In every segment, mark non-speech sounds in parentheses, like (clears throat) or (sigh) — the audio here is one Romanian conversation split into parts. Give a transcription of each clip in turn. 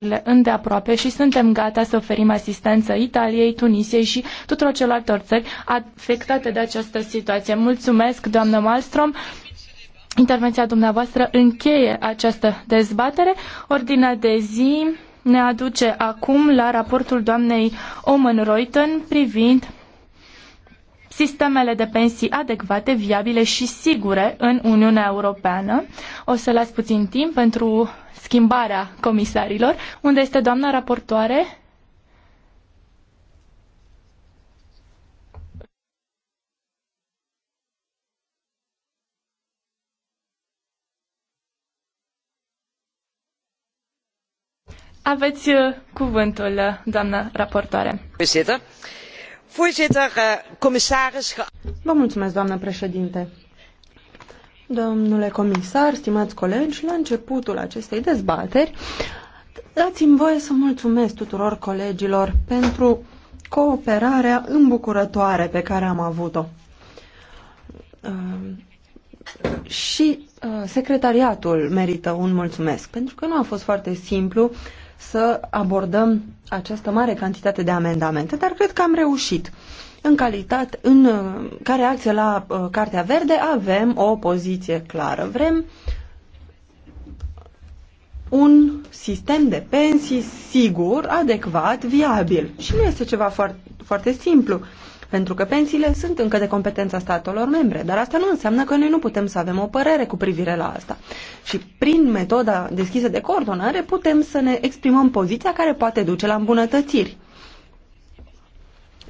lucrurile îndeaproape și suntem gata să oferim asistență Italiei, Tunisiei și tuturor celorlalte țări afectate de această situație. Mulțumesc, doamnă Malmström. Intervenția dumneavoastră încheie această dezbatere. Ordinea de zi ne aduce acum la raportul doamnei Omen Reuten privind sistemele de pensii adecvate, viabile și sigure în Uniunea Europeană. O să las puțin timp pentru schimbarea comisarilor. Unde este doamna raportoare? Aveți uh, cuvântul, uh, doamnă raportoare. Președinte, Voorzitter, eh, commissaris. mulțumesc, doamnă președinte. Domnule comisar, stimați colegi, la începutul acestei dezbateri, dați-mi voie să mulțumesc tuturor colegilor pentru cooperarea îmbucurătoare pe care am avut-o. Eh, și eh, secretariatul merită un mulțumesc, pentru că nu a fost foarte simplu să abordăm această mare cantitate de amendamente, dar cred că am reușit. În calitate, în, ca reacție la uh, Cartea Verde, avem o poziție clară. Vrem un sistem de pensii sigur, adecvat, viabil. Și nu este ceva foarte, foarte simplu. Pentru că pensiile sunt încă de competența statelor membre, dar asta nu înseamnă că noi nu putem să avem o părere cu privire la asta. Și prin metoda deschisă de coordonare putem să ne exprimăm poziția care poate duce la îmbunătățiri.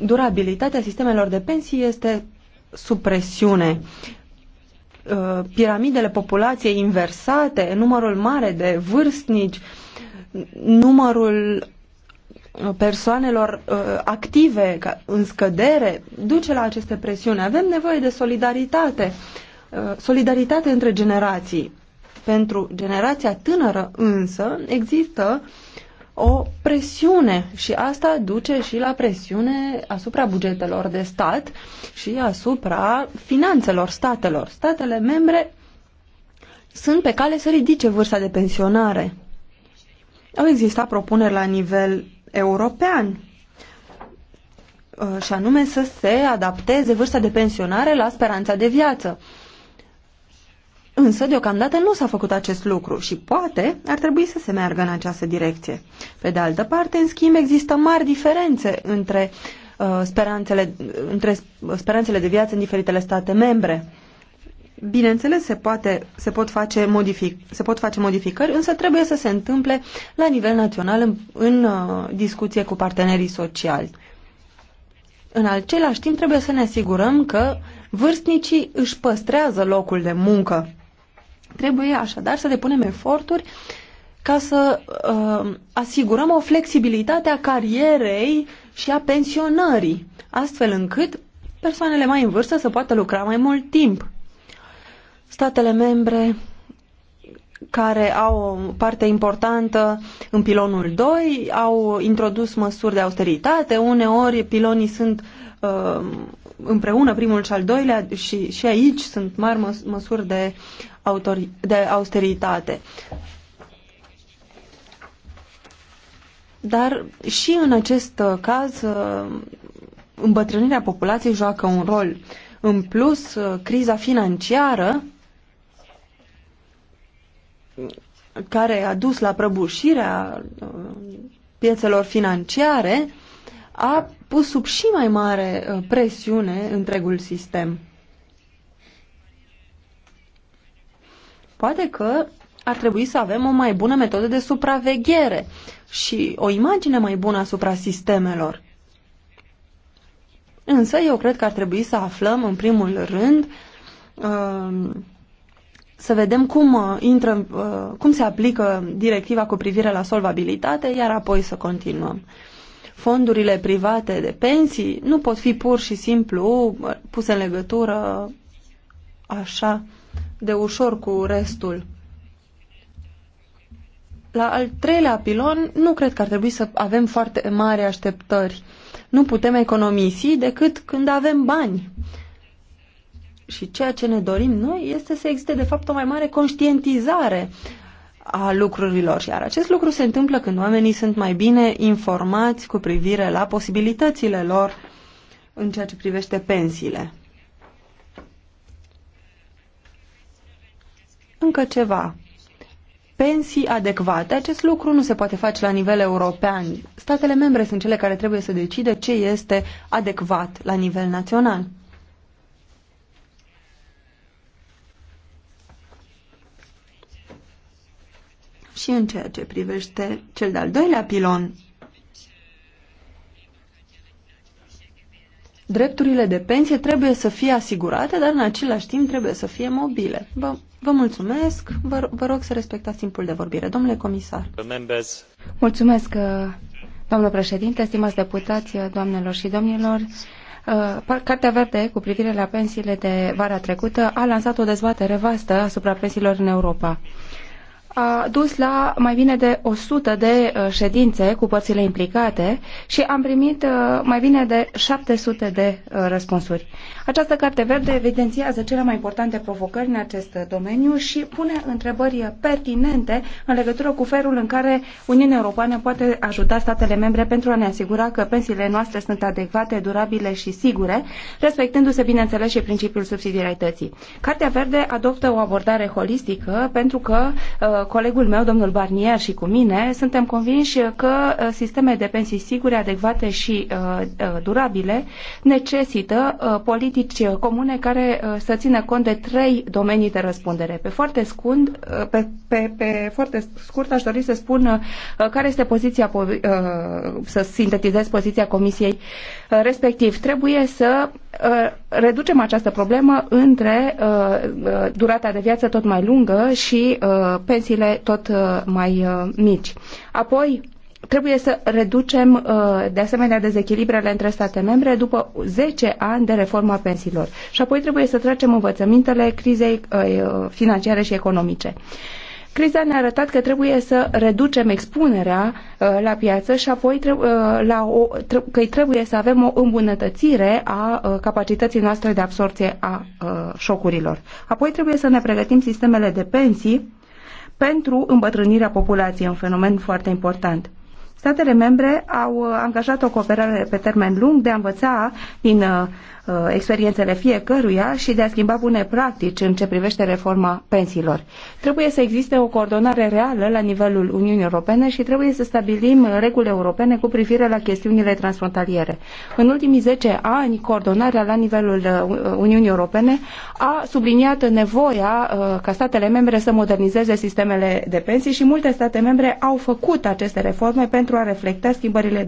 Durabilitatea sistemelor de pensii este sub presiune uh, piramidele populației inversate, numărul mare de vârstnici, numărul persoanelor uh, active ca, în scădere duce la aceste presiuni. Avem nevoie de solidaritate, uh, solidaritate între generații. Pentru generația tânără însă există o presiune și asta duce și la presiune asupra bugetelor de stat și asupra finanțelor statelor. Statele membre sunt pe cale să ridice vârsta de pensionare. Au existat propuneri la nivel european uh, și anume să se adapteze vârsta de pensionare la speranța de viață. Însă, deocamdată nu s-a făcut acest lucru și poate ar trebui să se meargă în această direcție. Pe de altă parte, în schimb, există mari diferențe între, uh, speranțele, între speranțele de viață în diferitele state membre. Uh, Bineînțeles, se, poate, se, pot face modific, se pot face modificări, însă trebuie să se întâmple la nivel național în, în uh, discuție cu partenerii sociali. În același timp, trebuie să ne asigurăm că vârstnicii își păstrează locul de muncă. Trebuie așadar să depunem eforturi ca să uh, asigurăm o flexibilitate a carierei și a pensionării, astfel încât persoanele mai în vârstă să poată lucra mai mult timp. Statele membre care au o parte importantă în pilonul 2 au introdus măsuri de austeritate, uneori pilonii sunt uh, împreună primul și al doilea și, și aici sunt mari măs măsuri de, de austeritate. Dar și în acest uh, caz uh, îmbătrânirea populației joacă un rol. În plus, uh, criza financiară care a dus la prăbușirea uh, piețelor financiare a pus sub și mai mare uh, presiune întregul sistem. Poate că ar trebui să avem o mai bună metodă de supraveghere și o imagine mai bună asupra sistemelor. Însă eu cred că ar trebui să aflăm în primul rând uh, să vedem cum, uh, intră, uh, cum se aplică directiva cu privire la solvabilitate, iar apoi să continuăm. Fondurile private de pensii nu pot fi pur și simplu uh, puse în legătură așa de ușor cu restul. La al treilea pilon nu cred că ar trebui să avem foarte mari așteptări. Nu putem economisi decât când avem bani și ceea ce ne dorim noi este să existe, de fapt, o mai mare conștientizare a lucrurilor. Iar acest lucru se întâmplă când oamenii sunt mai bine informați cu privire la posibilitățile lor în ceea ce privește pensiile. Încă ceva. Pensii adecvate. Acest lucru nu se poate face la nivel european. Statele membre sunt cele care trebuie să decide ce este adecvat la nivel național. și în ceea ce privește cel de-al doilea pilon. Drepturile de pensie trebuie să fie asigurate, dar în același timp trebuie să fie mobile. Vă, vă mulțumesc, vă, vă rog să respectați timpul de vorbire. Domnule comisar. Mulțumesc, uh, domnule președinte, stimați deputați, uh, doamnelor și domnilor. Uh, Cartea Verde cu privire la pensiile de vara trecută a lansat o dezbatere vastă asupra pensiilor în Europa a dus la mai bine de 100 de uh, ședințe cu părțile implicate și am primit uh, mai bine de 700 de uh, răspunsuri. Această carte verde evidențiază cele mai importante provocări în acest domeniu și pune întrebări pertinente în legătură cu felul în care Uniunea Europeană poate ajuta statele membre pentru a ne asigura că pensiile noastre sunt adecvate, durabile și sigure, respectându-se, bineînțeles, și principiul subsidiarității. Cartea verde adoptă o abordare holistică pentru că colegul meu, domnul Barnier, și cu mine, suntem convinși că uh, sisteme de pensii sigure, adecvate și uh, uh, durabile necesită politici comune care să țină cont de trei domenii de răspundere. Pe foarte, scund, pe, pe, pe foarte scurt aș dori să spun care este poziția, să sintetizez poziția Comisiei respectiv. Trebuie să reducem această problemă între durata de viață tot mai lungă și pensii pensiile tot uh, mai uh, mici. Apoi, trebuie să reducem uh, de asemenea dezechilibrele între state membre după 10 ani de reforma pensiilor. Și apoi trebuie să trecem învățămintele crizei financiare și economice. Criza ne-a arătat că trebuie să reducem expunerea la piață și apoi la o, că trebuie să avem o îmbunătățire a capacității noastre de absorție a șocurilor. Apoi trebuie să ne pregătim sistemele de pensii pentru îmbătrânirea populației, un fenomen foarte important. Statele membre au uh, angajat o cooperare pe termen lung de a învăța din uh, uh, experiențele fiecăruia și de a schimba bune practici în ce privește reforma pensiilor. Trebuie să existe o coordonare reală la nivelul Uniunii Europene și trebuie să stabilim reguli europene cu privire la chestiunile transfrontaliere. În ultimii 10 ani, coordonarea la nivelul Uniunii Europene a subliniat nevoia ca statele membre să modernizeze sistemele de pensii și multe state membre au făcut aceste reforme pentru pentru a reflecta schimbările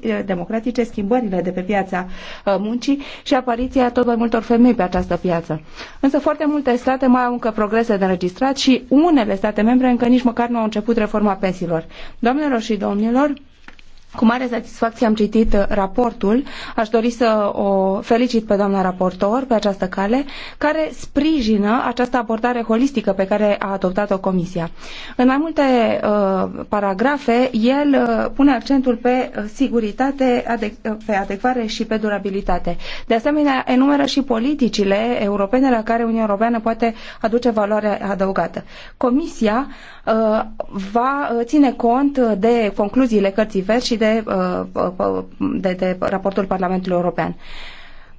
eh, democratice, schimbările de pe piața eh, muncii și apariția tot mai multor femei pe această piață. Însă foarte multe state mai au încă progrese de înregistrat și unele state membre încă nici măcar nu au început reforma pensiilor. Doamnelor și domnilor, cu mare satisfacție am citit uh, raportul. Aș dori să o felicit pe doamna raportor pe această cale, care sprijină această abordare holistică pe care a adoptat-o Comisia. În mai multe uh, paragrafe, el uh, pune accentul pe uh, siguritate, adec- uh, pe adecvare și pe durabilitate. De asemenea, enumeră și politicile europene la care Uniunea Europeană poate aduce valoare adăugată. Comisia uh, va ține cont de concluziile cărții verzi și de, uh, uh, uh, de, de raportul Parlamentului European.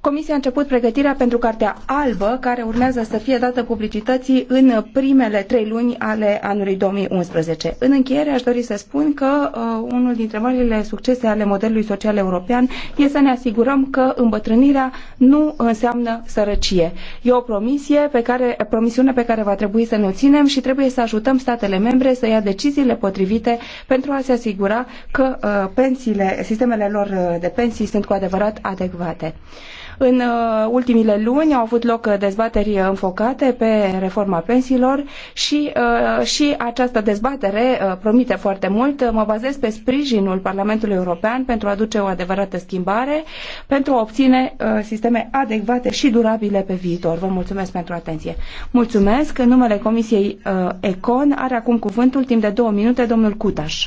Comisia a început pregătirea pentru Cartea Albă, care urmează să fie dată publicității în primele trei luni ale anului 2011. În încheiere aș dori să spun că uh, unul dintre marile succese ale modelului social european este să ne asigurăm că îmbătrânirea nu înseamnă sărăcie. E o promisie pe care, promisiune pe care va trebui să ne o ținem și trebuie să ajutăm statele membre să ia deciziile potrivite pentru a se asigura că uh, pensiile, sistemele lor uh, de pensii sunt cu adevărat adecvate. În uh, ultimile luni au avut loc uh, dezbateri uh, înfocate pe reforma pensiilor și, și această dezbatere promite foarte mult. Mă bazez pe sprijinul Parlamentului European pentru a aduce o adevărată schimbare, pentru a obține sisteme adecvate și durabile pe viitor. Vă mulțumesc pentru atenție. Mulțumesc. În numele Comisiei Econ are acum cuvântul timp de două minute domnul Cutaș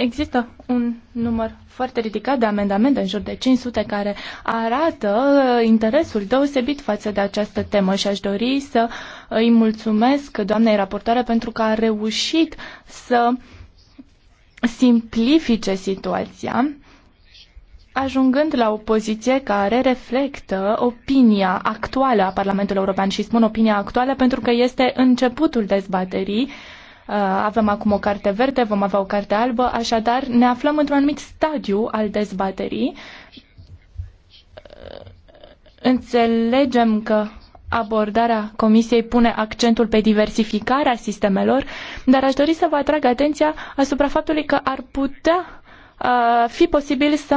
Există un număr foarte ridicat de amendamente, în jur de 500, care arată uh, interesul deosebit față de această temă și aș dori să uh, îi mulțumesc doamnei raportoare pentru că a reușit să simplifice situația, ajungând la o poziție care reflectă opinia actuală a Parlamentului European și spun opinia actuală pentru că este începutul dezbaterii Uh, avem acum o carte verde, vom avea o carte albă, așadar ne aflăm într-un anumit stadiu al dezbaterii. Uh, înțelegem că abordarea Comisiei pune accentul pe diversificarea sistemelor, dar aș dori să vă atrag atenția asupra faptului că ar putea uh, fi posibil să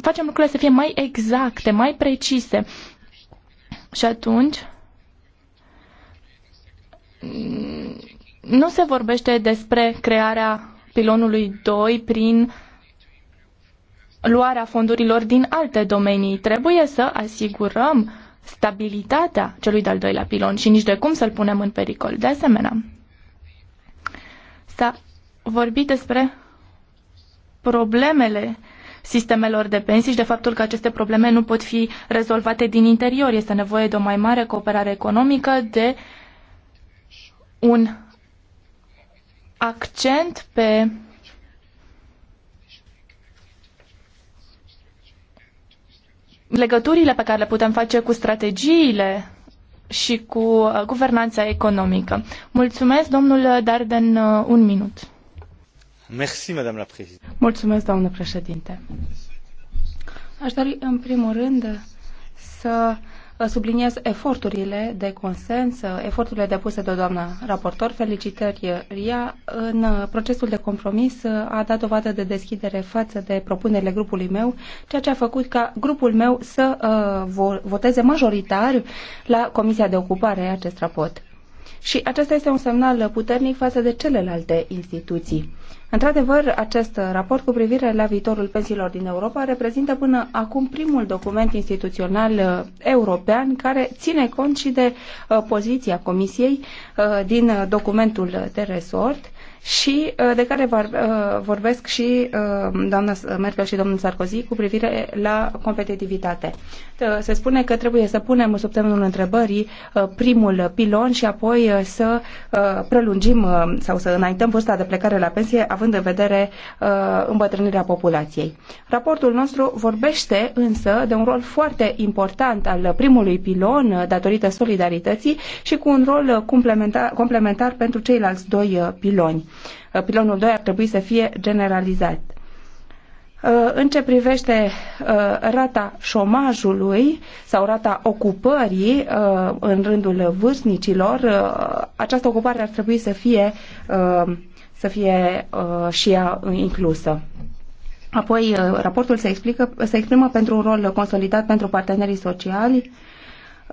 facem lucrurile să fie mai exacte, mai precise. Și atunci nu se vorbește despre crearea pilonului 2 prin luarea fondurilor din alte domenii. Trebuie să asigurăm stabilitatea celui de-al doilea pilon și nici de cum să-l punem în pericol. De asemenea, s-a vorbit despre problemele sistemelor de pensii și de faptul că aceste probleme nu pot fi rezolvate din interior. Este nevoie de o mai mare cooperare economică, de un accent pe legăturile pe care le putem face cu strategiile și cu uh, guvernanța economică. Mulțumesc, domnul Darden, uh, un minut. Merci, madame la președinte. Mulțumesc, doamnă președinte. Aș dori, în primul rând, să subliniez eforturile de consens, eforturile depuse de doamna raportor. Felicitări, Ria. În procesul de compromis a dat dovadă de deschidere față de propunerile grupului meu, ceea ce a făcut ca grupul meu să uh, voteze majoritar la Comisia de Ocupare acest raport. Și acesta este un semnal puternic față de celelalte instituții. Într-adevăr, acest raport cu privire la viitorul pensiilor din Europa reprezintă până acum primul document instituțional uh, european care ține cont și de uh, poziția Comisiei uh, din documentul de resort și uh, de care uh, vorbesc și uh, doamna Merkel și domnul Sarkozy cu privire la competitivitate. Se spune că trebuie să punem sub semnul întrebării primul pilon și apoi să prelungim sau să înaintăm vârsta de plecare la pensie având în vedere îmbătrânirea populației. Raportul nostru vorbește însă de un rol foarte important al primului pilon datorită solidarității și cu un rol complementar, complementar pentru ceilalți doi piloni Uh, pilonul 2 ar trebui să fie generalizat. Uh, în ce privește uh, rata șomajului sau rata ocupării în rândul vârstnicilor, această ocupare ar trebui să fie, să fie și ea inclusă. Apoi, raportul se, explică, se exprimă pentru un rol consolidat pentru partenerii sociali,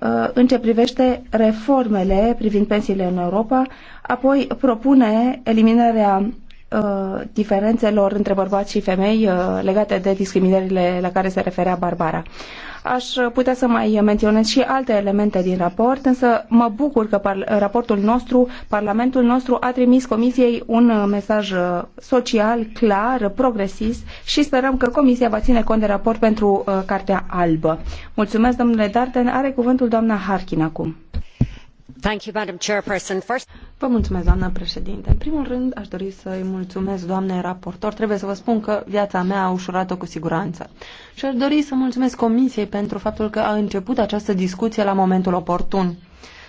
Uh, în ce privește reformele privind pensiile în Europa, apoi propune eliminarea uh, diferențelor între bărbați și femei uh, legate de discriminările la care se referea Barbara. Aș putea să mai menționez și alte elemente din raport, însă mă bucur că raportul nostru, Parlamentul nostru a trimis Comisiei un mesaj social, clar, progresist și sperăm că Comisia va ține cont de raport pentru uh, Cartea Albă. Mulțumesc, domnule Darten. Are cuvântul doamna Harkin acum mulțumesc, președinte. În primul rând, aș dori să îi mulțumesc doamnei raportor. Trebuie să vă spun că viața mea a ușurat-o cu siguranță. Și aș dori să mulțumesc Comisiei pentru faptul că a început această discuție la momentul oportun.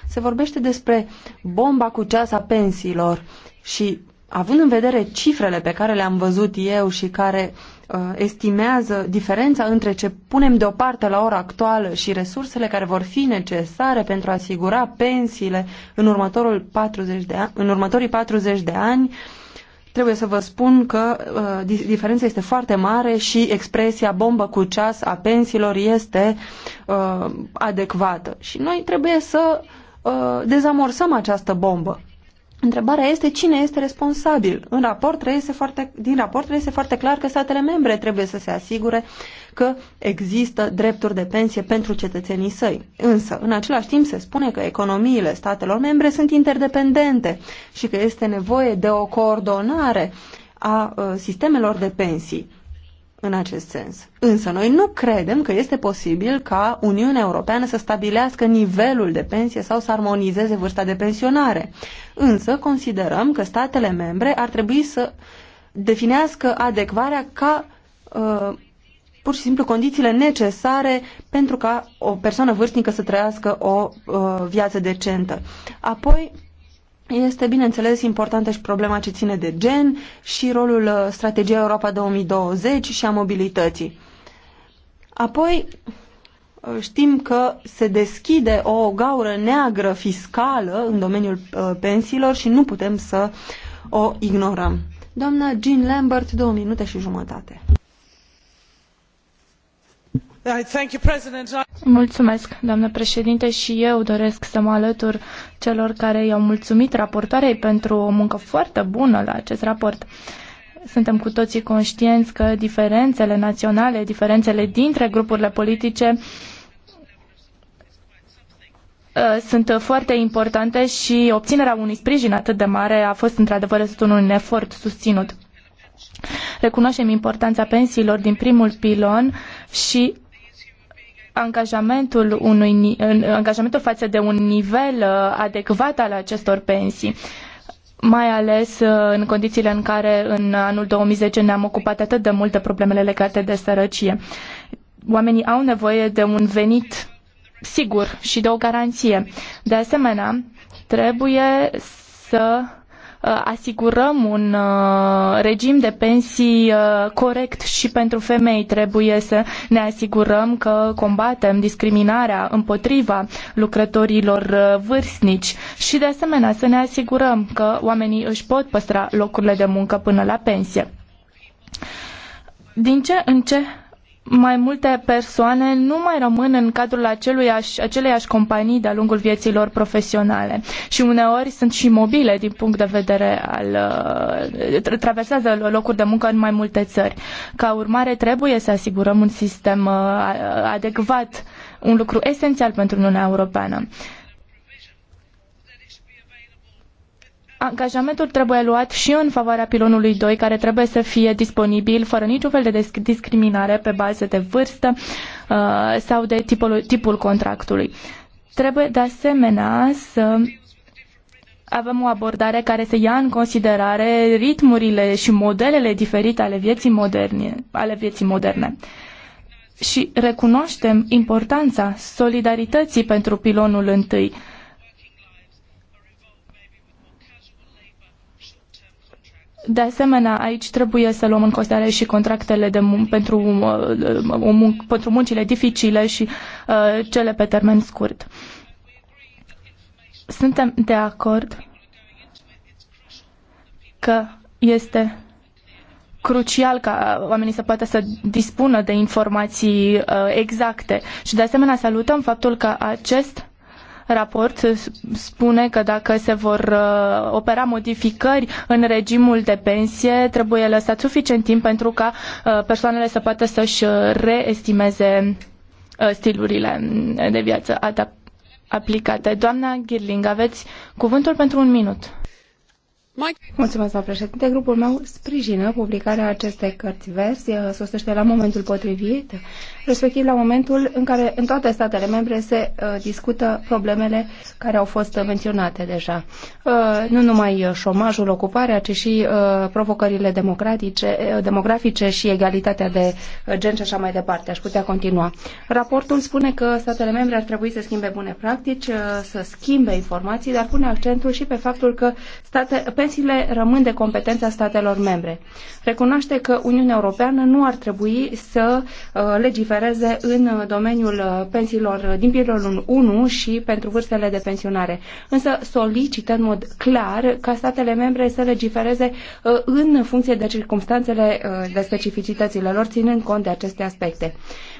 Se vorbește despre bomba cu ceasa pensiilor și având în vedere cifrele pe care le-am văzut eu și care uh, estimează diferența între ce punem deoparte la ora actuală și resursele care vor fi necesare pentru a asigura pensiile în, următorul 40 de ani, în următorii 40 de ani, trebuie să vă spun că uh, diferența este foarte mare și expresia bombă cu ceas a pensiilor este uh, adecvată. Și noi trebuie să uh, dezamorsăm această bombă Întrebarea este cine este responsabil. În raport reiese foarte, din raport reiese foarte clar că statele membre trebuie să se asigure că există drepturi de pensie pentru cetățenii săi. Însă, în același timp se spune că economiile statelor membre sunt interdependente și că este nevoie de o coordonare a uh, sistemelor de pensii în acest sens. Însă noi nu credem că este posibil ca Uniunea Europeană să stabilească nivelul de pensie sau să armonizeze vârsta de pensionare. Însă considerăm că statele membre ar trebui să definească adecvarea ca uh, pur și simplu condițiile necesare pentru ca o persoană vârstnică să trăiască o uh, viață decentă. Apoi, este, bineînțeles, importantă și problema ce ține de gen și rolul uh, strategiei Europa 2020 și a mobilității. Apoi, uh, știm că se deschide o gaură neagră fiscală în domeniul uh, pensiilor și nu putem să o ignorăm. Doamna Jean Lambert, două minute și jumătate. Mulțumesc, doamnă președinte, și eu doresc să mă alătur celor care i-au mulțumit raportoarei pentru o muncă foarte bună la acest raport. Suntem cu toții conștienți că diferențele naționale, diferențele dintre grupurile politice uh, sunt foarte importante și obținerea unui sprijin atât de mare a fost într-adevăr un efort susținut. Recunoaștem importanța pensiilor din primul pilon și angajamentul, unui, angajamentul față de un nivel uh, adecvat al acestor pensii mai ales uh, în condițiile în care în anul 2010 ne-am ocupat atât de mult de problemele legate de sărăcie. Oamenii au nevoie de un venit sigur și de o garanție. De asemenea, trebuie să Uh, asigurăm un uh, regim de pensii uh, corect și pentru femei. Trebuie să ne asigurăm că combatem discriminarea împotriva lucrătorilor vârstnici și de asemenea să ne asigurăm că oamenii își pot păstra locurile de muncă până la pensie. Din ce în ce mai multe persoane nu mai rămân în cadrul aceluiași, aceleiași companii de-a lungul vieții lor profesionale și uneori sunt și mobile din punct de vedere al... Uh, traversează locuri de muncă în mai multe țări. Ca urmare, trebuie să asigurăm un sistem uh, adecvat, un lucru esențial pentru Uniunea Europeană. angajamentul trebuie luat și în favoarea pilonului 2, care trebuie să fie disponibil fără niciun fel de discriminare pe bază de vârstă uh, sau de tipul, tipul contractului. Trebuie de asemenea să avem o abordare care să ia în considerare ritmurile și modelele diferite ale vieții moderne. Ale vieții moderne. Și recunoaștem importanța solidarității pentru pilonul întâi. De asemenea, aici trebuie să luăm în considerare și contractele de mun- pentru, uh, pentru muncile dificile și uh, cele pe termen scurt. Suntem de acord că este crucial ca oamenii să poată să dispună de informații uh, exacte și de asemenea salutăm faptul că acest raport spune că dacă se vor uh, opera modificări în regimul de pensie, trebuie lăsat suficient timp pentru ca uh, persoanele să poată să-și uh, reestimeze stilurile de viață aplicate. Doamna Girling, aveți cuvântul pentru un minut. Mulțumesc, doamnă președinte. Grupul meu sprijină publicarea acestei cărți verzi, sosește la momentul potrivit, respectiv la momentul în care în toate statele membre se uh, discută problemele care au fost menționate deja. Uh, nu numai șomajul, ocuparea, ci și uh, provocările democratice, demografice și egalitatea de gen și așa mai departe. Aș putea continua. Raportul spune că statele membre ar trebui să schimbe bune practici, să schimbe informații, dar pune accentul și pe faptul că state, pe pensiile rămân de competența statelor membre. Recunoaște că Uniunea Europeană nu ar trebui să uh, legifereze în domeniul uh, pensiilor uh, din pilonul 1 și pentru vârstele de pensionare, însă solicită în mod clar ca statele membre să legifereze în funcție de circumstanțele, de specificitățile lor, ținând cont de aceste aspecte.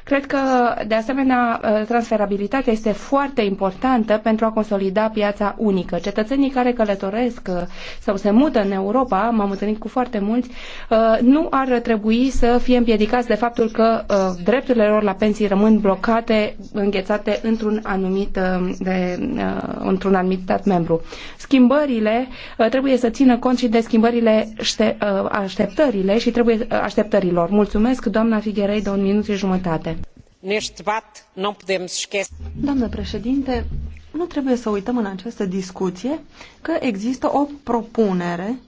Cred că, de asemenea, ă, transferabilitatea este foarte importantă pentru a consolida piața unică. Cetățenii care călătoresc ă, sau se mută în Europa, m-am întâlnit cu foarte mulți, ă, nu ar trebui să fie împiedicați de faptul că drepturile lor la pensii rămân blocate, înghețate într-un anumit, de, într-un anumit stat membru. Schimbările trebuie să țină cont și de schimbările așteptările și trebuie așteptărilor. Mulțumesc, doamna Figherei, de un minut și jumătate. Doamnă președinte, nu trebuie să uităm în această discuție că există o propunere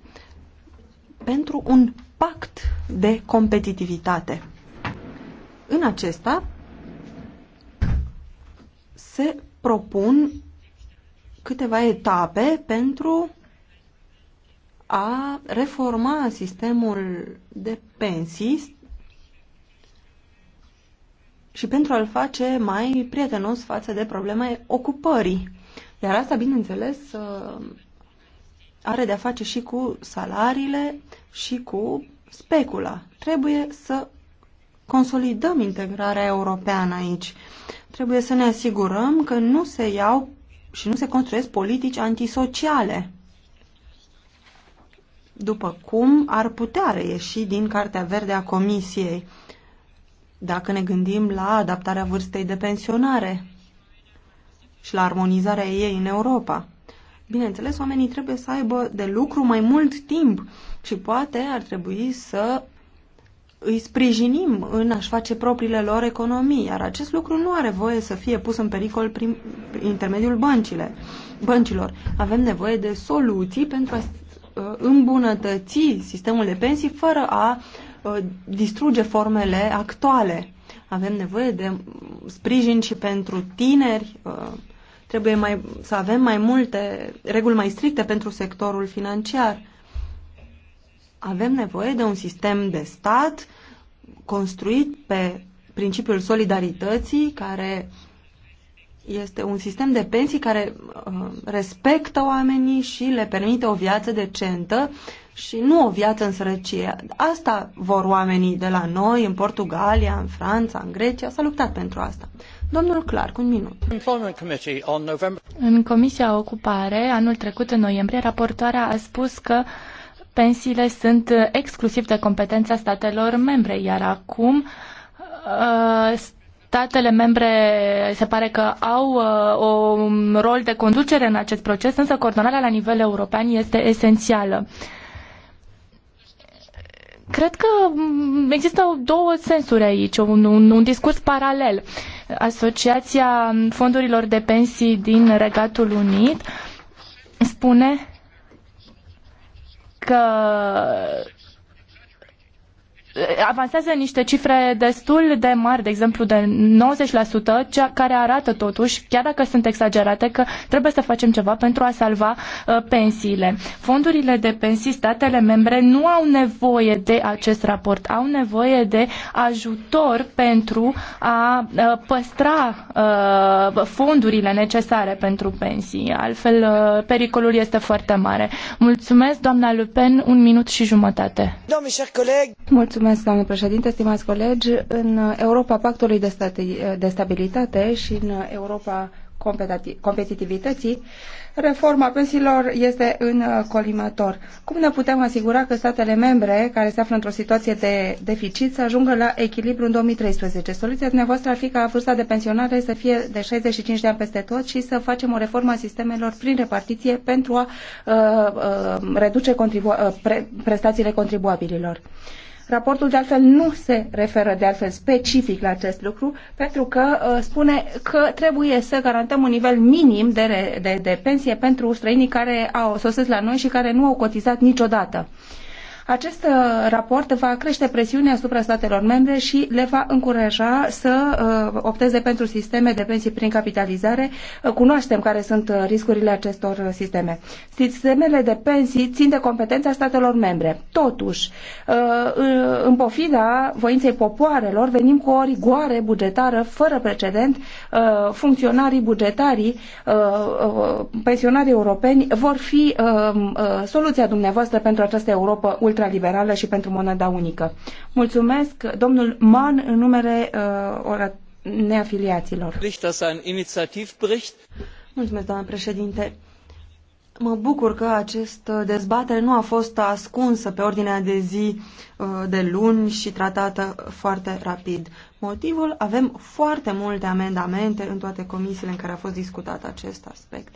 pentru un pact de competitivitate. În acesta se propun câteva etape pentru a reforma sistemul de pensii și pentru a-l face mai prietenos față de probleme ocupării. Iar asta, bineînțeles, uh, are de-a face și cu salariile și cu specula. Trebuie să consolidăm integrarea europeană aici. Trebuie să ne asigurăm că nu se iau și nu se construiesc politici antisociale. După cum ar putea reieși din Cartea Verde a Comisiei. Dacă ne gândim la adaptarea vârstei de pensionare și la armonizarea ei în Europa. Bineînțeles, oamenii trebuie să aibă de lucru mai mult timp și poate ar trebui să îi sprijinim în a-și face propriile lor economii, iar acest lucru nu are voie să fie pus în pericol prin intermediul băncile, băncilor. Avem nevoie de soluții pentru a uh, îmbunătăți sistemul de pensii fără a Uh, distruge formele actuale. Avem nevoie de sprijin și pentru tineri, uh, trebuie mai, să avem mai multe reguli mai stricte pentru sectorul financiar. Avem nevoie de un sistem de stat construit pe principiul solidarității care uh, este un sistem de pensii care uh, respectă oamenii și le permite o viață decentă și nu o viață în sărăcie. Asta vor oamenii de la noi, în Portugalia, în Franța, în Grecia. S-a luptat pentru asta. Domnul Clark, un minut. În Comisia Ocupare, anul trecut, în noiembrie, raportoarea a spus că pensiile sunt exclusiv de competența statelor membre, iar acum uh, Statele membre se pare că au uh, un rol de conducere în acest proces, însă coordonarea la nivel european este esențială. Cred că mm, există două sensuri aici, un, un, un discurs paralel. Asociația fondurilor de pensii din Regatul Unit spune că avansează niște cifre destul de mari, de exemplu de 90%, cea care arată totuși, chiar dacă sunt exagerate, că trebuie să facem ceva pentru a salva uh, pensiile. Fondurile de pensii, statele membre nu au nevoie de acest raport, au nevoie de ajutor pentru a uh, păstra uh, fondurile necesare pentru pensii. Altfel, uh, pericolul este foarte mare. Mulțumesc, doamna Lupen un minut și jumătate. Mulțumesc. Mulțumesc, doamnă președinte, stimați colegi. În Europa Pactului de, stat- de Stabilitate și în Europa competitivității, reforma pensiilor este în colimator. Cum ne putem asigura că statele membre care se află într-o situație de deficit să ajungă la echilibru în 2013? Soluția dumneavoastră ar fi ca vârsta de pensionare să fie de 65 de ani peste tot și să facem o reformă a sistemelor prin repartiție pentru a uh, uh, reduce contribu- uh, pre- prestațiile contribuabililor. Uh, Raportul de altfel nu se referă de altfel specific la acest lucru, pentru că uh, spune că trebuie să garantăm un nivel minim de, re, de, de pensie pentru străinii care au sosit la noi și care nu au cotizat niciodată. Uh, acest uh, raport va crește presiunea asupra statelor membre și le va încuraja să uh, opteze pentru sisteme de pensii prin capitalizare. Uh, cunoaștem care sunt riscurile acestor sisteme. Sistemele de pensii țin de competența statelor membre. Totuși, în pofida voinței popoarelor, venim cu o rigoare bugetară fără precedent. Funcționarii bugetarii, pensionarii europeni vor fi soluția dumneavoastră pentru această Europa ultimă ultraliberală și pentru moneda unică. Mulțumesc, domnul Mann, în numele uh, neafiliaților. Mulțumesc, doamnă președinte. Mă bucur că acest dezbatere nu a fost ascunsă pe ordinea de zi uh, de luni și tratată foarte rapid. Motivul, avem foarte multe amendamente în toate comisiile în care a fost discutat acest aspect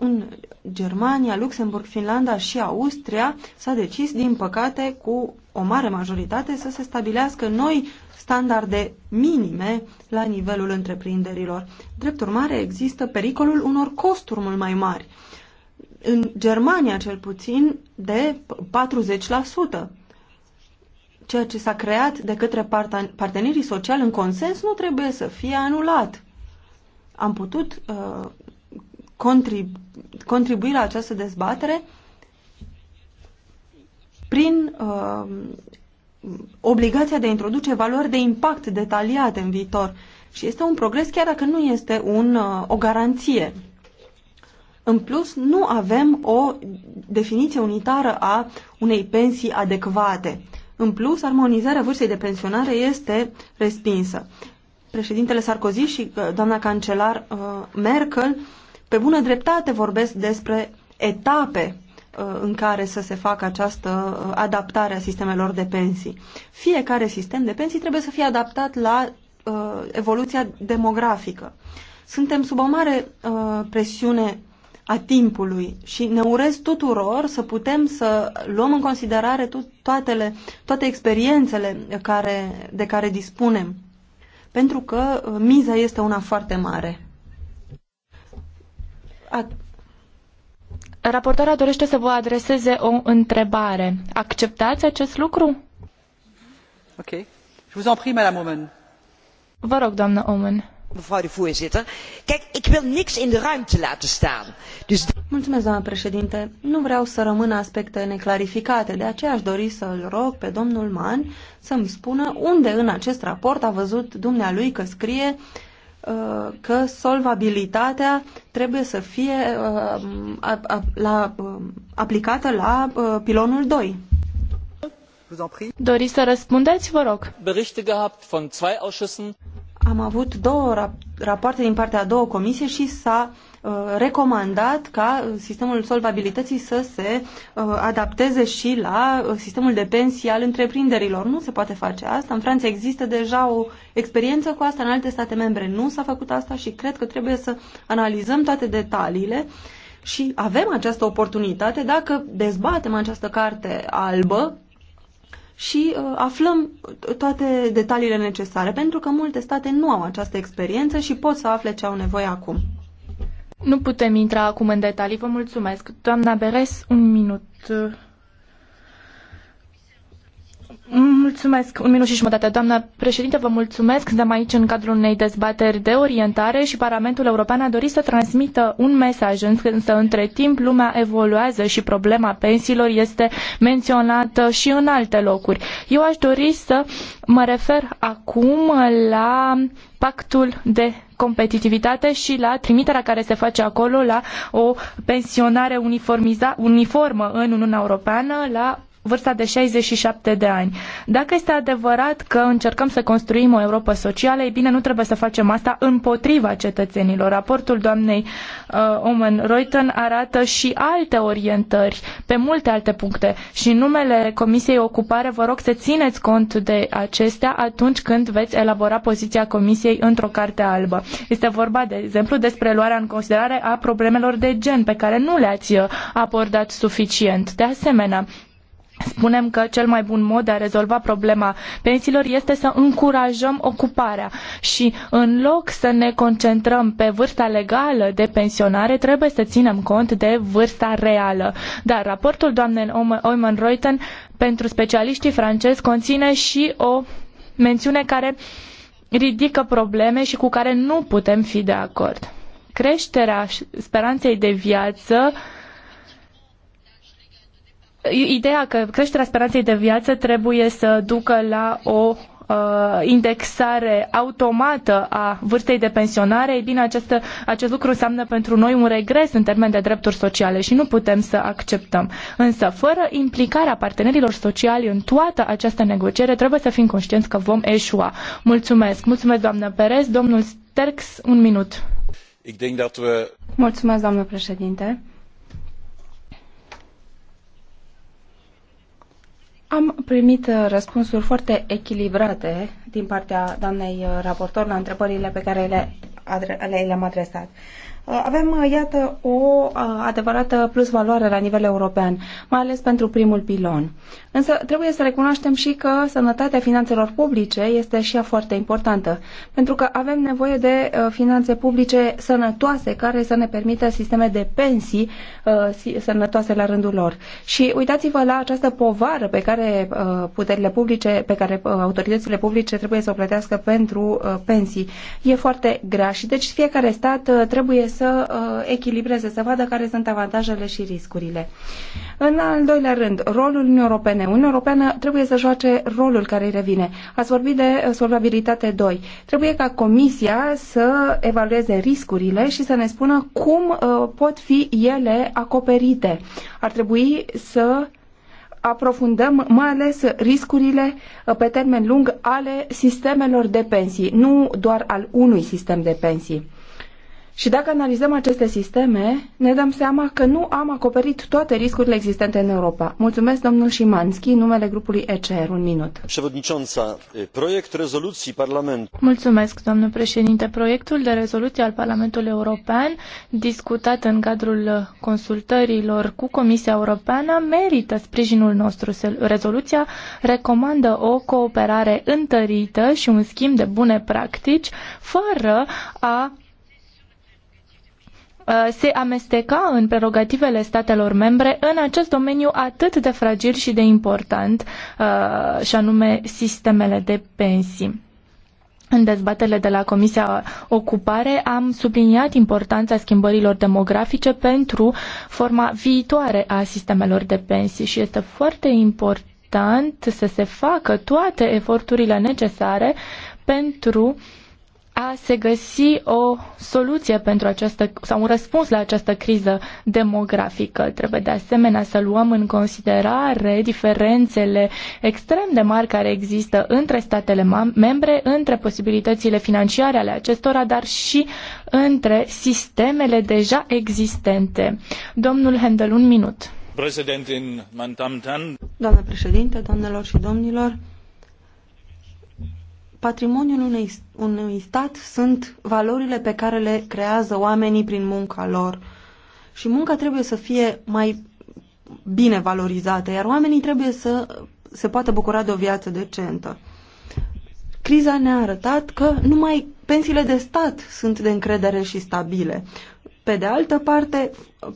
în Germania, Luxemburg, Finlanda și Austria s-a decis, din păcate, cu o mare majoritate să se stabilească noi standarde minime la nivelul întreprinderilor. Drept urmare, există pericolul unor costuri mult mai mari. În Germania, cel puțin, de 40%. Ceea ce s-a creat de către partenerii sociali în consens nu trebuie să fie anulat. Am putut uh, contribu contribui la această dezbatere prin uh, obligația de a introduce valori de impact detaliate în viitor. Și este un progres chiar dacă nu este un, uh, o garanție. În plus, nu avem o definiție unitară a unei pensii adecvate. În plus, armonizarea vârstei de pensionare este respinsă. Președintele Sarkozy și uh, doamna cancelar uh, Merkel uh, pe bună dreptate vorbesc despre etape uh, în care să se facă această uh, adaptare a sistemelor de pensii. Fiecare sistem de pensii trebuie să fie adaptat la uh, evoluția demografică. Suntem sub o mare uh, presiune a timpului și ne urez tuturor să putem să luăm în considerare toatele, toate experiențele care, de care dispunem, pentru că uh, miza este una foarte mare. Raportoarea dorește să vă adreseze o întrebare. Acceptați acest lucru? Ok. Je vous en prie, Madame Omen. Vă rog, doamnă Omen. Mevrouw de voorzitter, kijk, ik wil niks in de ruimte laten staan. Dus... Mulțumesc, doamnă președinte. Nu vreau să rămână aspecte neclarificate, de aceea aș dori să-l rog pe domnul Mann să-mi spună unde în acest raport a văzut dumnealui că scrie Uh, că solvabilitatea trebuie să fie uh, la, um, aplicată la uh, pilonul 2. Doriți să răspundeți, vă rog. Am avut două rapoarte din partea a două comisii și s-a Uh, recomandat ca uh, sistemul solvabilității să se uh, adapteze și la sistemul de pensii al întreprinderilor. Nu se poate face asta. În Franța există deja o experiență cu asta, în alte state membre nu s-a făcut asta și cred că trebuie să analizăm toate detaliile și avem această oportunitate dacă dezbatem această carte albă și uh, aflăm toate detaliile necesare, pentru că multe state nu au această experiență și pot să afle ce au nevoie acum. Nu putem intra acum în detalii, vă mulțumesc. Doamna Beres, un minut. Mulțumesc, un minut și jumătate. Doamna președinte, vă mulțumesc. Suntem aici în cadrul unei dezbateri de orientare și Parlamentul European a dorit să transmită un mesaj, însă între timp lumea evoluează și problema pensiilor este menționată și în alte locuri. Eu aș dori să mă refer acum la pactul de competitivitate și la trimiterea care se face acolo la o pensionare uniformă în Uniunea Europeană, la vârsta de 67 de ani. Dacă este adevărat că încercăm să construim o Europa socială, ei bine, nu trebuie să facem asta împotriva cetățenilor. Raportul doamnei uh, Omen Reuten arată și alte orientări pe multe alte puncte și în numele Comisiei Ocupare vă rog să țineți cont de acestea atunci când veți elabora poziția Comisiei într-o carte albă. Este vorba, de exemplu, despre luarea în considerare a problemelor de gen pe care nu le-ați abordat suficient. De asemenea, spunem că cel mai bun mod de a rezolva problema pensiilor este să încurajăm ocuparea și în loc să ne concentrăm pe vârsta legală de pensionare, trebuie să ținem cont de vârsta reală. Dar raportul doamnei Oyman Reuten pentru specialiștii francezi conține și o mențiune care ridică probleme și cu care nu putem fi de acord. Creșterea speranței de viață uh, ideea că creșterea speranței de viață trebuie să ducă la o uh, indexare automată a vârstei de pensionare, ei bine, acest, acest lucru înseamnă pentru noi un regres în termen de drepturi sociale și nu putem să acceptăm. Însă, fără implicarea partenerilor sociali în toată această negociere, trebuie să fim conștienți că vom eșua. Mulțumesc! Mulțumesc, doamnă Perez. Domnul Sterks, un minut. Mulțumesc, doamnă președinte. Am primit uh, răspunsuri foarte echilibrate din partea doamnei uh, raportor la întrebările pe care le-am adresat. Eh, avem, eh, iată, o eh, adevărată plusvaloare la nivel european, mai ales pentru primul pilon. Însă trebuie să recunoaștem și că sănătatea finanțelor publice este și ea foarte importantă, pentru că avem nevoie de finanțe publice sănătoase care să ne permită sisteme de pensii sănătoase la rândul lor. Și uitați-vă la această povară pe care puterile publice, pe care autoritățile publice trebuie să o plătească pentru pensii. E foarte grea și deci fiecare stat trebuie să uh, echilibreze, să vadă care sunt avantajele și riscurile. În al doilea rând, rolul Uniunii Europene. Uniunea Europeană trebuie să joace rolul care îi revine. Ați vorbit de uh, solvabilitate 2. Trebuie ca Comisia să evalueze riscurile și să ne spună cum uh, pot fi ele acoperite. Ar trebui să aprofundăm mai ales riscurile pe termen lung ale sistemelor de pensii, nu doar al unui sistem de pensii. Și dacă analizăm aceste sisteme, ne dăm seama că nu am acoperit toate riscurile existente în Europa. Mulțumesc, domnul Șimanski, numele grupului ECR. Un minut. Proiect rezoluții Parlament. Mulțumesc, domnul președinte. Proiectul de rezoluție al Parlamentului European, discutat în cadrul consultărilor cu Comisia Europeană, merită sprijinul nostru. Rezoluția recomandă o cooperare întărită și un schimb de bune practici, fără a Uh, se amesteca în prerogativele statelor membre în acest domeniu atât de fragil și de important, uh, și anume sistemele de pensii. În dezbatele de la Comisia Ocupare am subliniat importanța schimbărilor demografice pentru forma viitoare a sistemelor de pensii și este foarte important să se facă toate eforturile necesare pentru uh, a se găsi o soluție pentru această sau un răspuns la această criză demografică. Trebuie de asemenea să luăm în considerare diferențele extrem de mari care există între statele membre, între posibilitățile financiare ale acestora, dar și între sistemele deja existente. Domnul Hendel, un minut. Doamnă președinte, doamnelor și domnilor, patrimoniul unui, unui stat sunt valorile pe care le creează oamenii prin munca lor. Și munca trebuie să fie mai bine valorizată, iar oamenii trebuie să se poată bucura de o viață decentă. Criza ne-a arătat că numai pensiile de stat sunt de încredere și stabile. Pe de altă parte,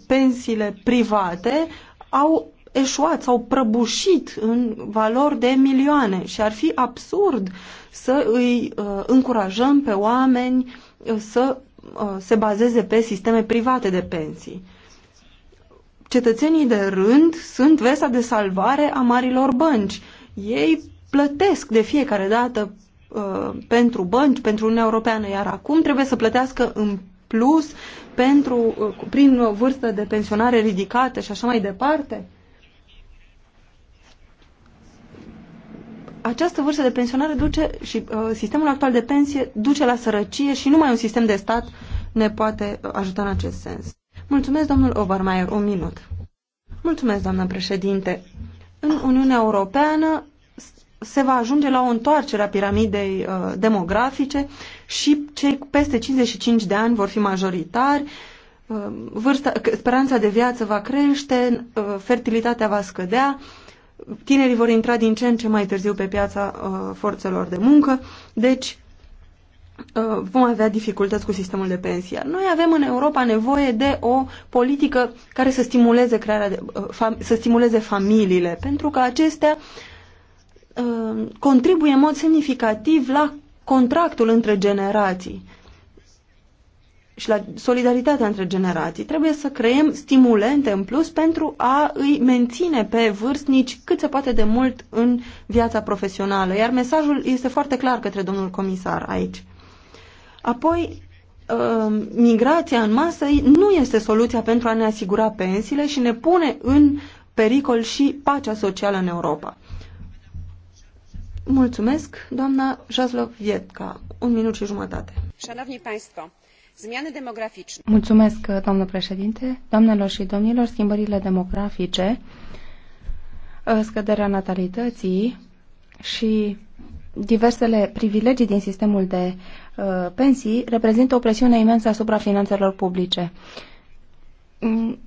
pensiile private au eșuat, s-au prăbușit în valori de milioane și ar fi absurd să îi uh, încurajăm pe oameni uh, să uh, se bazeze pe sisteme private de pensii. Cetățenii de rând sunt vesa de salvare a marilor bănci. Ei plătesc de fiecare dată pentru bănci, pentru Uniunea Europeană, iar acum trebuie să plătească în plus pentru, prin vârstă de pensionare ridicată și așa mai departe. această vârstă de pensionare duce și uh, sistemul actual de pensie duce la sărăcie și numai un sistem de stat ne poate uh, ajuta în acest sens. Mulțumesc, domnul Obermeier, un minut. Mulțumesc, doamnă președinte. În Uniunea Europeană se va ajunge la o întoarcere a piramidei uh, demografice și cei peste 55 de ani vor fi majoritari, uh, vârsta, speranța de viață va crește, uh, fertilitatea va scădea, uh, tinerii vor intra din ce în ce mai târziu pe piața uh, forțelor de muncă, deci uh, vom avea dificultăți cu sistemul de pensie. Noi avem în Europa nevoie de o politică care să stimuleze, crearea de, uh, fam, să stimuleze familiile, pentru că acestea uh, contribuie în mod semnificativ la contractul între generații și la solidaritatea între generații. Trebuie să creăm stimulente în plus pentru a îi menține pe vârstnici cât se poate de mult în viața profesională. Iar mesajul este foarte clar către domnul comisar aici. Apoi, uh, migrația în masă nu este soluția pentru a ne asigura pensiile și ne pune în pericol și pacea socială în Europa. Mulțumesc, doamna Jaslov Vietka. Un minut și jumătate. Szanowni Państwo, Zmiany demograficzne. Mulțumesc, doamnă președinte. Doamnelor și domnilor, schimbările demografice, ă, scăderea natalității și diversele privilegii din sistemul de uh, pensii reprezintă o presiune imensă asupra finanțelor publice.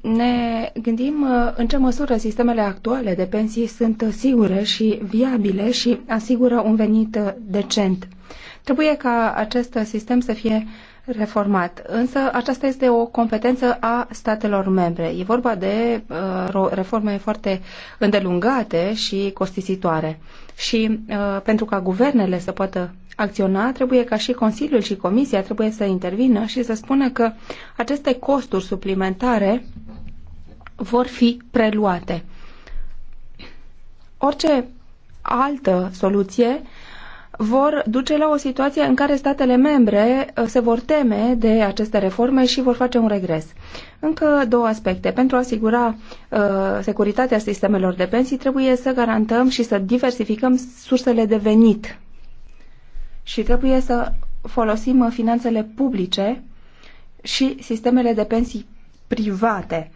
Ne gândim ă, în ce măsură sistemele actuale de pensii sunt sigure și viabile și asigură un venit decent. Trebuie ca acest sistem să fie uh, reformat. Însă aceasta este o competență a statelor membre. E vorba de uh, reforme foarte îndelungate și costisitoare. Și uh, pentru ca guvernele să poată acționa, trebuie ca și Consiliul și Comisia trebuie să intervină și să spună că aceste costuri suplimentare vor fi preluate. Orice altă soluție vor duce la o situație în care statele membre uh, se vor teme de aceste reforme și vor face un regres. Încă două aspecte. Pentru a asigura uh, securitatea sistemelor de pensii, trebuie să garantăm și să diversificăm sursele de venit. Și trebuie să folosim uh, finanțele publice și sistemele de pensii private.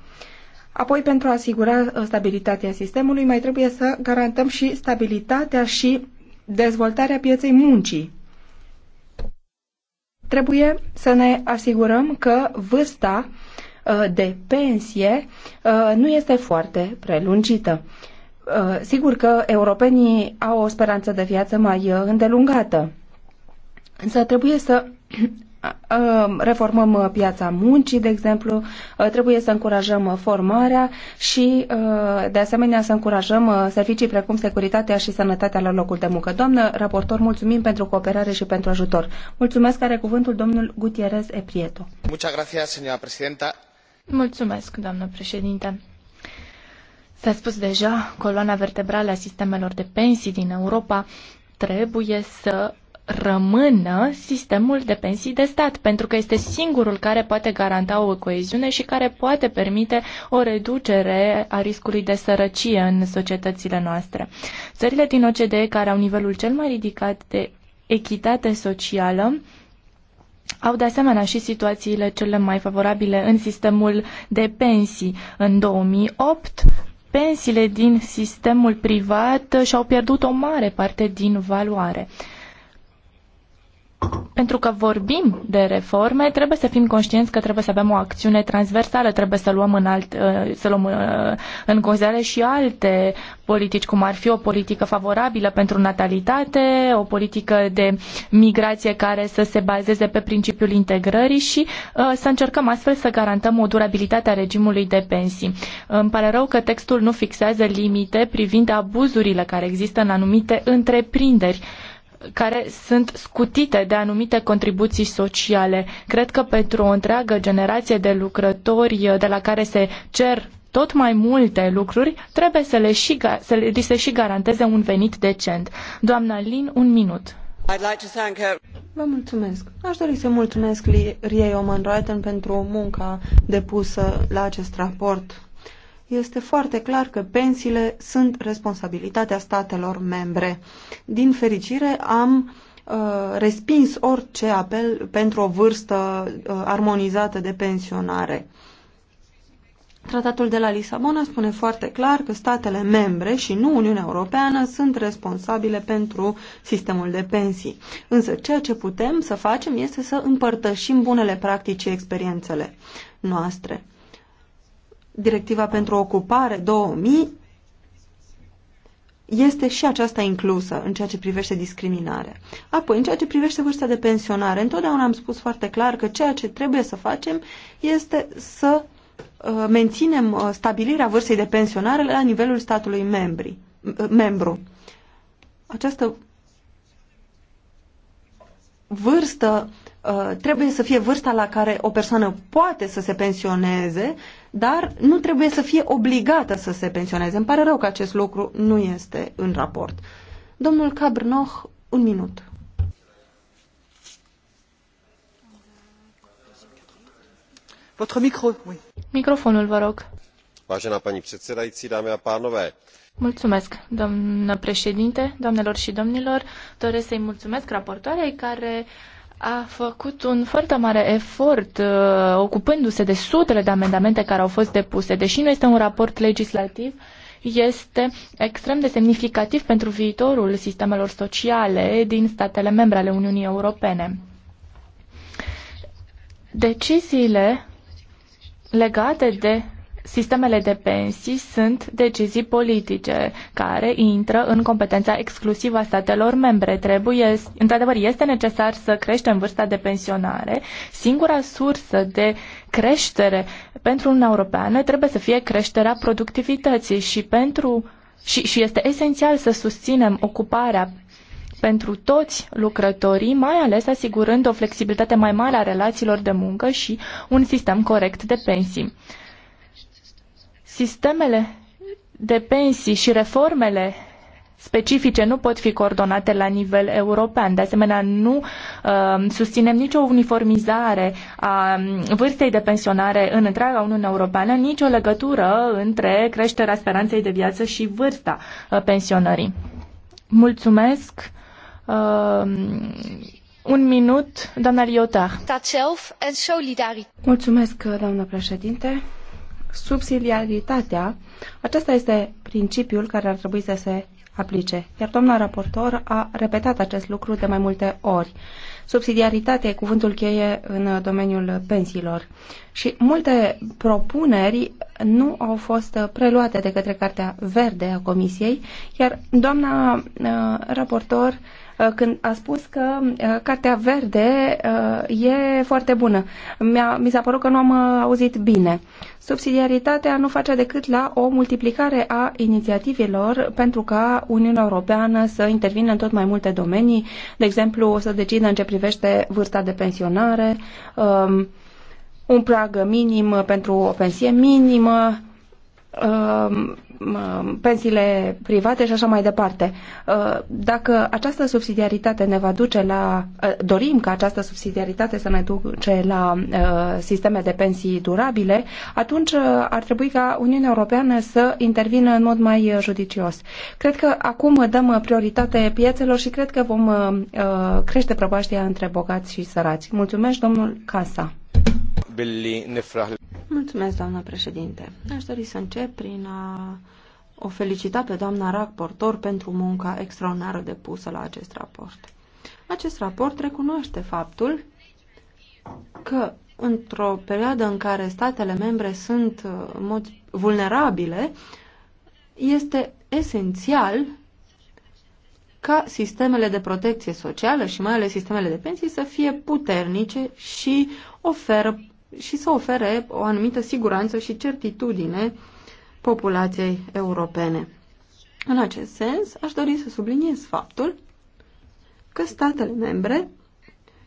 Apoi, pentru a asigura uh, stabilitatea sistemului, mai trebuie să garantăm și stabilitatea și dezvoltarea pieței muncii. Trebuie să ne asigurăm că vârsta uh, de pensie uh, nu este foarte prelungită. Uh, sigur că europenii au o speranță de viață mai îndelungată, însă trebuie să (clears throat) reformăm uh, piața muncii, de exemplu, uh, trebuie să încurajăm uh, formarea și, de asemenea, să încurajăm servicii precum securitatea și sănătatea la locul de muncă. Doamnă raportor, mulțumim pentru cooperare și pentru ajutor. Mulțumesc, are cuvântul domnul Gutierrez Eprieto. Mulțumesc, doamnă președinte. S-a spus deja, coloana vertebrală a sistemelor de pensii din Europa trebuie să rămână sistemul de pensii de stat, pentru că este singurul care poate garanta o coeziune și care poate permite o reducere a riscului de sărăcie în societățile noastre. Țările din OCDE care au nivelul cel mai ridicat de echitate socială au de asemenea și situațiile cele mai favorabile în sistemul de pensii. În 2008, pensiile din sistemul privat și-au pierdut o mare parte din valoare pentru că vorbim de reforme, trebuie să fim conștienți că trebuie să avem o acțiune transversală, trebuie să luăm în, alt, uh, să luăm uh, în considerare și alte politici, cum ar fi o politică favorabilă pentru natalitate, o politică de migrație care să se bazeze pe principiul integrării și uh, să încercăm astfel să garantăm o durabilitate a regimului de pensii. Îmi pare rău că textul nu fixează limite privind abuzurile care există în anumite întreprinderi care sunt scutite de anumite contribuții sociale. Cred că pentru o întreagă generație de lucrători uh, de la care se cer tot mai multe lucruri, trebuie să le, și, să le, li se și garanteze un venit decent. Doamna Lin, un minut. Vă mulțumesc. Aș dori să mulțumesc Riei Oman Reuten pentru munca depusă la acest raport este foarte clar că pensiile sunt responsabilitatea statelor membre. Din fericire, am uh, respins orice apel pentru o vârstă uh, armonizată de pensionare. Tratatul de la Lisabona spune foarte clar că statele membre și nu Uniunea Europeană sunt responsabile pentru sistemul de pensii. Însă ceea ce putem să facem este să împărtășim bunele practici și experiențele noastre directiva pentru ocupare 2000 este și aceasta inclusă în ceea ce privește discriminarea. Apoi, în ceea ce privește vârsta de pensionare, întotdeauna am spus foarte clar că ceea ce trebuie să facem este să uh, menținem uh, stabilirea vârstei de pensionare la nivelul statului membri, uh, membru. Această vârstă Uh, trebuie să fie vârsta la care o persoană poate să se pensioneze, dar nu trebuie să fie obligată să se pensioneze. Îmi pare rău că acest lucru nu este în raport. Domnul Cabrnoch, un minut. Votre micro, oui. Microfonul, vă rog. Vážená paní předsedající, dámy a pánové. Mulțumesc, doamnă președinte, doamnelor și domnilor. Doresc să-i mulțumesc raportoarei care uh, a făcut un foarte mare efort uh, ocupându-se de sutele de amendamente care au fost depuse. Deși nu este un raport legislativ, este extrem de semnificativ pentru viitorul sistemelor sociale din statele membre ale Uniunii Europene. Deciziile legate de Sistemele de pensii sunt decizii politice care intră în competența exclusivă a statelor membre. Trebuie, într-adevăr, este necesar să creștem vârsta de pensionare. Singura sursă de creștere pentru Uniunea Europeană trebuie să fie creșterea productivității și pentru și, și este esențial să susținem ocuparea pentru toți lucrătorii, mai ales asigurând o flexibilitate mai mare a relațiilor de muncă și un sistem corect de pensii. Sistemele de pensii și reformele specifice nu pot fi coordonate la nivel european. De asemenea, nu uh, susținem nicio uniformizare a um, vârstei de pensionare în întreaga Uniune Europeană, nicio legătură între creșterea speranței de viață și vârsta uh, pensionării. Mulțumesc. Uh, un minut, doamna Liotar. Mulțumesc, doamnă președinte subsidiaritatea, acesta este principiul care ar trebui să se aplice. Iar doamna raportor a repetat acest lucru de mai multe ori. Subsidiaritatea e cuvântul cheie în domeniul pensiilor. Și multe propuneri nu au fost preluate de către Cartea Verde a Comisiei, iar doamna uh, raportor Uh, când a spus că uh, Cartea Verde uh, e foarte bună. Mi-a, mi s-a părut că nu am auzit bine. Subsidiaritatea nu face decât la o multiplicare a inițiativelor pentru ca Uniunea Europeană să intervină în tot mai multe domenii, de exemplu să decidă în ce privește vârsta de pensionare, um, un prag minim pentru o pensie minimă, um, Uh, pensiile private și așa mai departe. Uh, dacă această subsidiaritate ne va duce la, uh, dorim ca această subsidiaritate să ne duce la sisteme de pensii durabile, atunci ar trebui ca Uniunea Europeană să intervină în mod mai judicios. Cred că acum dăm prioritate piețelor și cred că vom crește prăbaștia între bogați și sărați. Mulțumesc, domnul Casa. Aș dori să încep prin a o felicita pe doamna raportor pentru munca extraordinară depusă la acest raport. Acest raport recunoaște faptul că într-o perioadă în care statele membre sunt uh, în mod vulnerabile, este esențial ca sistemele de protecție socială și mai ales sistemele de pensii să fie puternice și oferă și să ofere o anumită siguranță și certitudine populației europene. În acest sens, aș dori să subliniez faptul că statele membre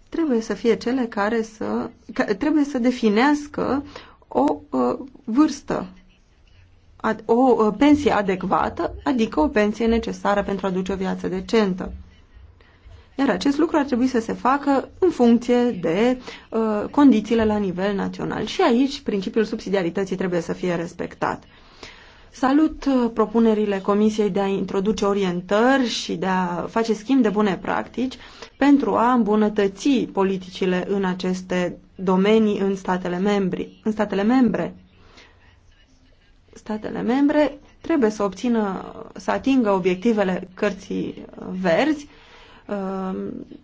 trebuie să fie cele care să, că trebuie să definească o uh, vârstă, ad, o uh, pensie adecvată, adică o pensie necesară pentru a duce o viață decentă. Iar acest lucru ar trebui să se facă în funcție de uh, condițiile la nivel național. Și aici principiul subsidiarității trebuie să fie respectat. Salut uh, propunerile Comisiei de a introduce orientări și de a face schimb de bune practici pentru a îmbunătăți politicile în aceste domenii în statele, membri, în statele membre. Statele membre trebuie să obțină, să atingă obiectivele cărții verzi uh,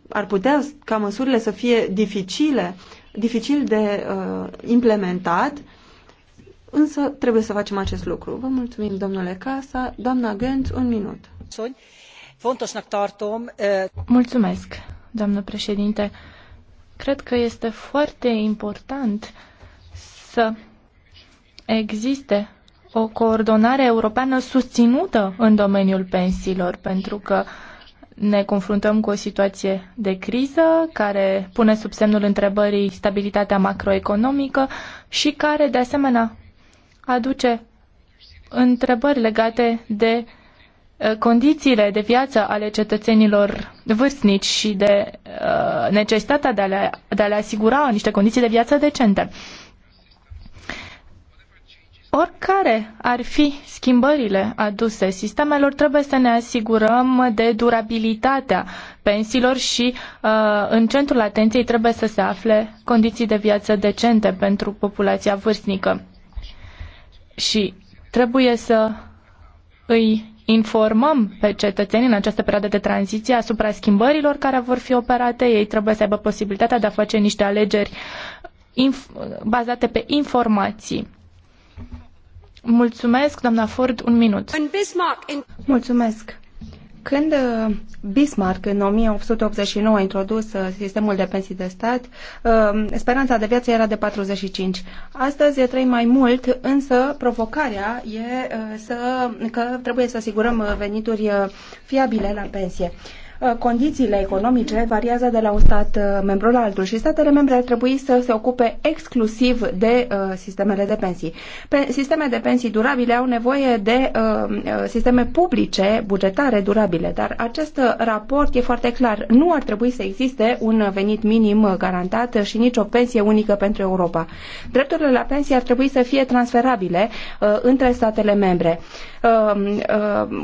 ar putea ca măsurile să fie dificile, dificil de uh, implementat, însă trebuie să facem acest lucru. Vă mulțumim, domnule Casa. Doamna Gönț, un minut. Uh, Mulțumesc, doamnă președinte. Cred că este foarte important să existe o coordonare europeană susținută în domeniul pensiilor, pentru că uh, ne confruntăm cu o situație de criză care pune sub semnul întrebării stabilitatea macroeconomică și care, de asemenea, aduce întrebări legate de uh, condițiile de viață ale cetățenilor vârstnici și de uh, necesitatea de a, le, de a le asigura niște condiții de viață decente. Oricare ar fi schimbările aduse sistemelor, trebuie să ne asigurăm de durabilitatea pensiilor și uh, în centrul atenției trebuie să se afle condiții de viață decente pentru populația vârstnică. Și trebuie să îi informăm pe cetățenii în această perioadă de tranziție asupra schimbărilor care vor fi operate. Ei trebuie să aibă posibilitatea de a face niște alegeri bazate pe informații Mulțumesc, doamna Ford, un minut. Mulțumesc. Când uh, Bismarck în 1889 a introdus uh, sistemul de pensii de stat, uh, speranța de viață era de 45. Astăzi trăim mai mult, însă provocarea e să, că trebuie să asigurăm venituri fiabile la pensie. Uh, condițiile economice variază de la un stat uh, membru la altul și statele membre ar trebui să se ocupe exclusiv de uh, sistemele de pensii. Pe sisteme de pensii durabile au nevoie de sisteme publice, bugetare durabile, dar acest raport e foarte clar. Nu ar trebui să existe un venit minim garantat și nici o pensie unică pentru Europa. Drepturile la pensie ar trebui să fie transferabile între statele membre.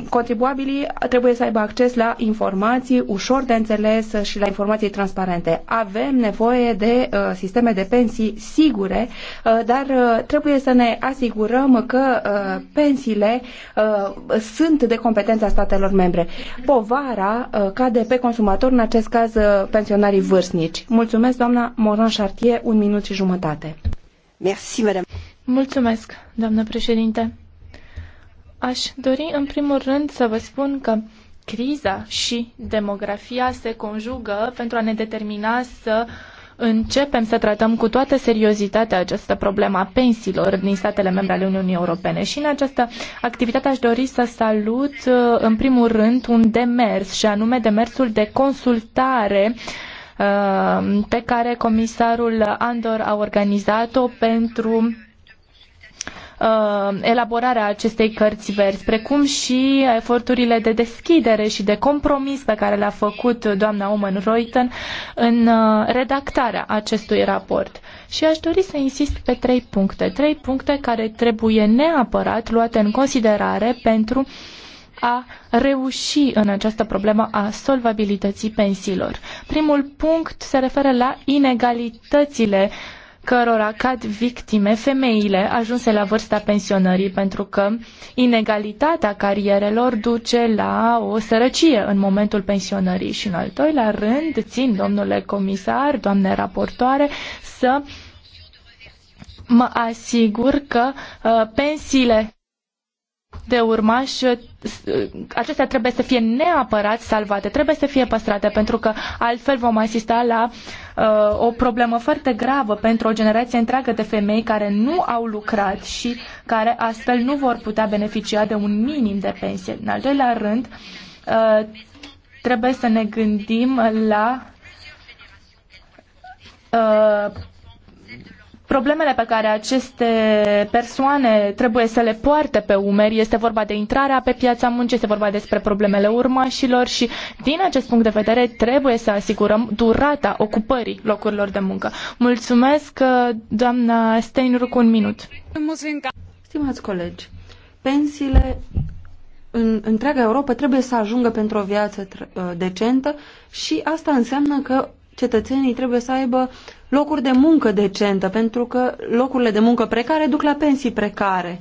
Contribuabilii trebuie să aibă acces la informații informații ușor de înțeles și la informații transparente. Avem nevoie de uh, sisteme de pensii sigure, uh, dar uh, trebuie să ne asigurăm că uh, pensiile uh, sunt de competența statelor membre. Povara uh, cade pe consumator, în acest caz uh, pensionarii vârstnici. Mulțumesc, doamna Moran Chartier, un minut și jumătate. Merci, madame. Mulțumesc, doamnă președinte. Aș dori în primul rând să vă spun că criza și demografia se conjugă pentru a ne determina să începem să tratăm cu toată seriozitatea această problemă a pensiilor din statele membre ale Uniunii Europene. Și în această activitate aș dori să salut, uh, în primul rând, un demers, și anume demersul de consultare uh, pe care comisarul Andor a organizat-o pentru uh, elaborarea acestei cărți verzi, precum și eforturile de deschidere și de compromis pe care le-a făcut doamna Oman Reuten în uh, redactarea acestui raport. Și aș dori să insist pe trei puncte, trei puncte care trebuie neapărat luate în considerare pentru a reuși în această problemă a solvabilității pensiilor. Primul punct se referă la inegalitățile uh, cărora cad victime femeile ajunse la vârsta pensionării, pentru că inegalitatea carierelor duce la o sărăcie în momentul pensionării. Și în al doilea rând, țin, domnule comisar, doamne raportoare, să mă asigur că uh, pensiile de urmași, uh, acestea trebuie să fie neapărat salvate, trebuie să fie păstrate, pentru că altfel vom asista la uh, Uh, o problemă foarte gravă pentru o generație întreagă de femei care nu au lucrat și care astfel nu vor putea beneficia de un minim de pensie. În al doilea rând, uh, trebuie să ne gândim la uh, problemele pe care aceste persoane trebuie să le poarte pe umeri. Este vorba de intrarea pe piața muncii, este vorba despre problemele urmașilor și din acest punct de vedere trebuie să asigurăm durata ocupării locurilor de muncă. Mulțumesc, uh, doamna Steinruc, un minut. Stimați colegi, pensiile în întreaga Europa trebuie să ajungă pentru o viață uh, decentă și asta înseamnă că cetățenii trebuie să aibă locuri de muncă decentă, pentru că locurile de muncă precare duc la pensii precare.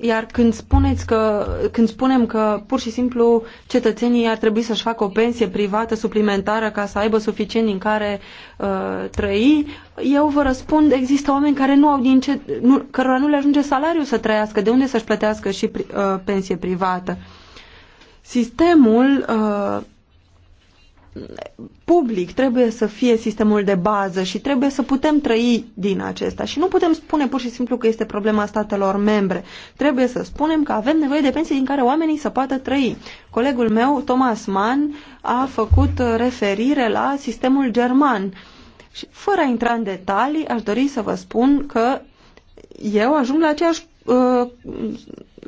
Iar când, spuneți că, când spunem că pur și simplu cetățenii ar trebui să-și facă o pensie privată suplimentară ca să aibă suficient din care uh, trăi, eu vă răspund, există oameni care nu au din ce, nu, cărora nu le ajunge salariul să trăiască, de unde să-și plătească și pri, uh, pensie privată. Sistemul uh, public trebuie să fie sistemul de bază și trebuie să putem trăi din acesta și nu putem spune pur și simplu că este problema statelor membre. Trebuie să spunem că avem nevoie de pensii din care oamenii să poată trăi. Colegul meu, Thomas Mann, a făcut referire la sistemul german. Și fără a intra în detalii, aș dori să vă spun că eu ajung la aceeași uh,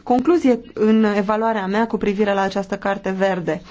concluzie în evaluarea mea cu privire la această carte verde. Uh,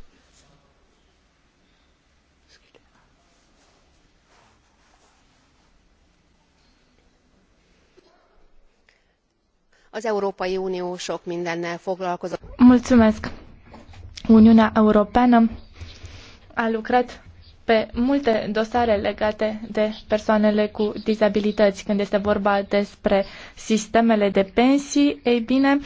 az európai unió sok mindennel foglalkozott. Mulțumesc. Uniunea Europeană a lucrat pe multe dosare legate de persoanele cu dizabilități. Când este vorba despre sistemele de pensii, ei bine,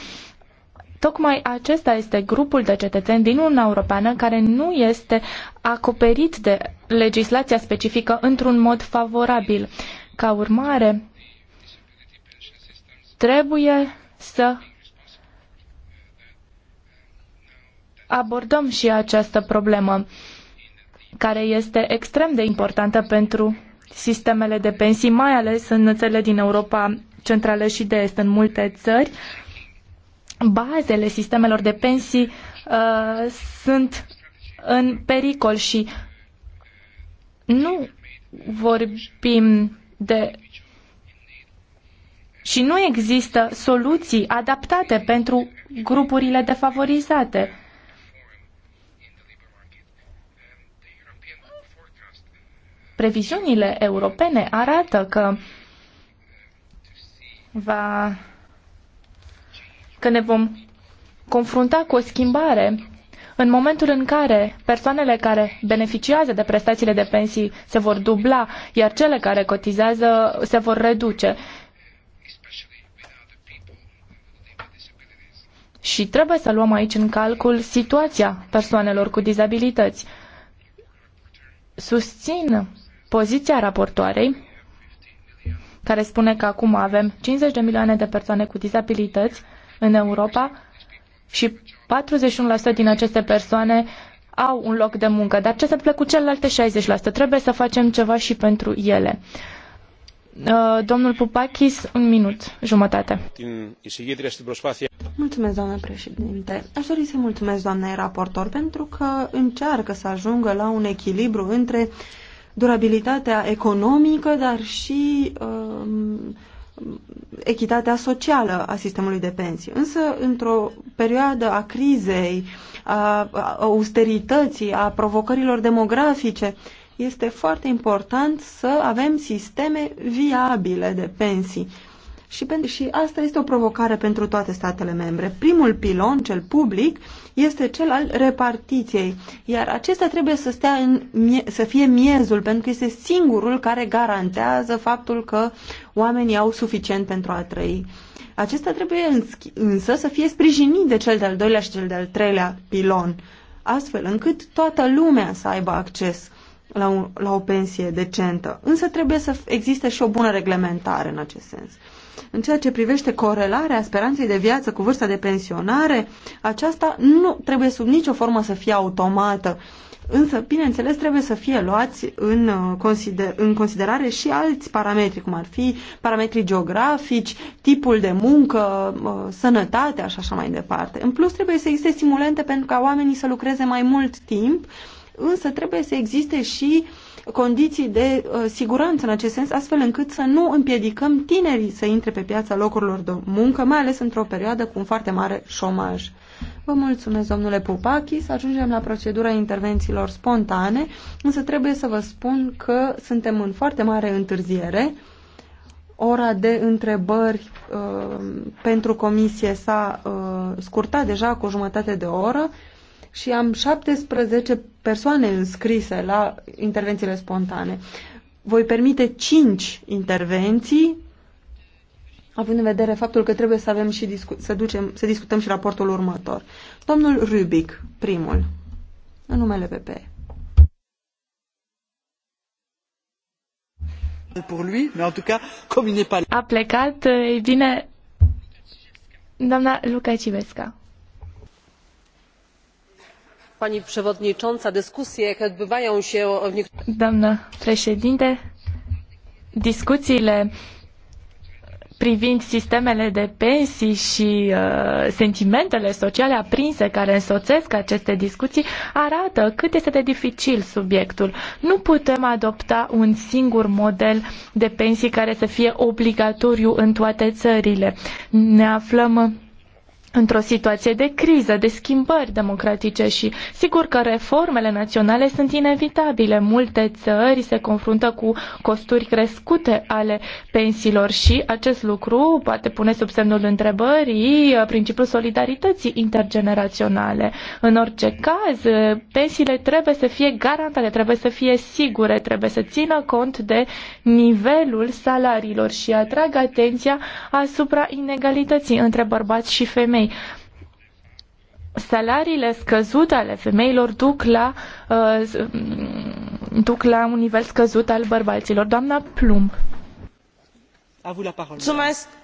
tocmai acesta este grupul de cetățeni din Uniunea Europeană care nu este acoperit de legislația specifică într-un mod favorabil. Ca urmare, Trebuie să abordăm și această problemă care este extrem de importantă pentru sistemele de pensii, mai ales în țările din Europa Centrală și de Est. În multe țări, bazele sistemelor de pensii uh, sunt în pericol și nu vorbim de și nu există soluții adaptate pentru grupurile defavorizate. Previziunile europene arată că va că ne vom confrunta cu o schimbare în momentul în care persoanele care beneficiază de prestațiile de pensii se vor dubla, iar cele care cotizează se vor reduce. și trebuie să luăm aici în calcul situația persoanelor cu dizabilități. Susțin poziția raportoarei care spune că acum avem 50 de milioane de persoane cu dizabilități în Europa și 41% din aceste persoane au un loc de muncă. Dar ce se întâmplă cu celelalte 60%? Trebuie să facem ceva și pentru ele. Uh, domnul Pupakis, un minut, jumătate. Mulțumesc, doamnă președinte. Aș dori să mulțumesc doamnei raportor pentru că încearcă să ajungă la un echilibru între durabilitatea economică, dar și um, echitatea socială a sistemului de pensii. Însă, într-o perioadă a crizei, a austerității, a provocărilor demografice, este foarte important să avem sisteme viabile de pensii. Și, pentru, și asta este o provocare pentru toate statele membre. Primul pilon, cel public, este cel al repartiției, iar acesta trebuie să, stea în, să fie miezul, pentru că este singurul care garantează faptul că oamenii au suficient pentru a trăi. Acesta trebuie însă să fie sprijinit de cel de-al doilea și cel de-al treilea pilon, astfel încât toată lumea să aibă acces la, un, la o pensie decentă. Însă trebuie să existe și o bună reglementare în acest sens. În ceea ce privește corelarea speranței de viață cu vârsta de pensionare, aceasta nu trebuie sub nicio formă să fie automată. Însă, bineînțeles, trebuie să fie luați în, uh, consider, în considerare și alți parametri, cum ar fi parametrii geografici, tipul de muncă, uh, sănătatea și așa mai departe. În plus, trebuie să existe stimulente pentru ca oamenii să lucreze mai mult timp însă trebuie să existe și condiții de uh, siguranță în acest sens, astfel încât să nu împiedicăm tinerii să intre pe piața locurilor de muncă, mai ales într-o perioadă cu un foarte mare șomaj. Vă mulțumesc, domnule să Ajungem la procedura intervențiilor spontane, însă trebuie să vă spun că suntem în foarte mare întârziere. Ora de întrebări uh, pentru comisie s-a uh, scurtat deja cu jumătate de oră și am 17 persoane înscrise la intervențiile spontane. Voi permite 5 intervenții, având în vedere faptul că trebuie să avem și discu- să, ducem, să discutăm și raportul următor. Domnul Rubic, primul, în numele PP. A plecat, e bine, doamna Luca Civesca pani przewodnicząca! dyskusje jakie odbywają się o niektórych. discuțiile privind sistemele de pensii și uh, sentimentele sociale aprinse care însoțesc aceste discuții arată cât este de dificil subiectul. Nu putem adopta un singur model de pensii care să fie obligatoriu în toate țările. Ne aflăm într-o situație de criză, de schimbări democratice și sigur că reformele naționale sunt inevitabile. Multe țări se confruntă cu costuri crescute ale pensiilor și acest lucru poate pune sub semnul întrebării uh, principiul solidarității intergeneraționale. În orice caz, uh, pensiile trebuie să fie garantate, trebuie să fie sigure, trebuie să țină cont de nivelul salariilor și atrag atenția asupra inegalității între bărbați și femei femei. Salariile scăzute ale femeilor duc la, uh, duc la un nivel scăzut al bărbaților. Doamna Plumb. Mulțumesc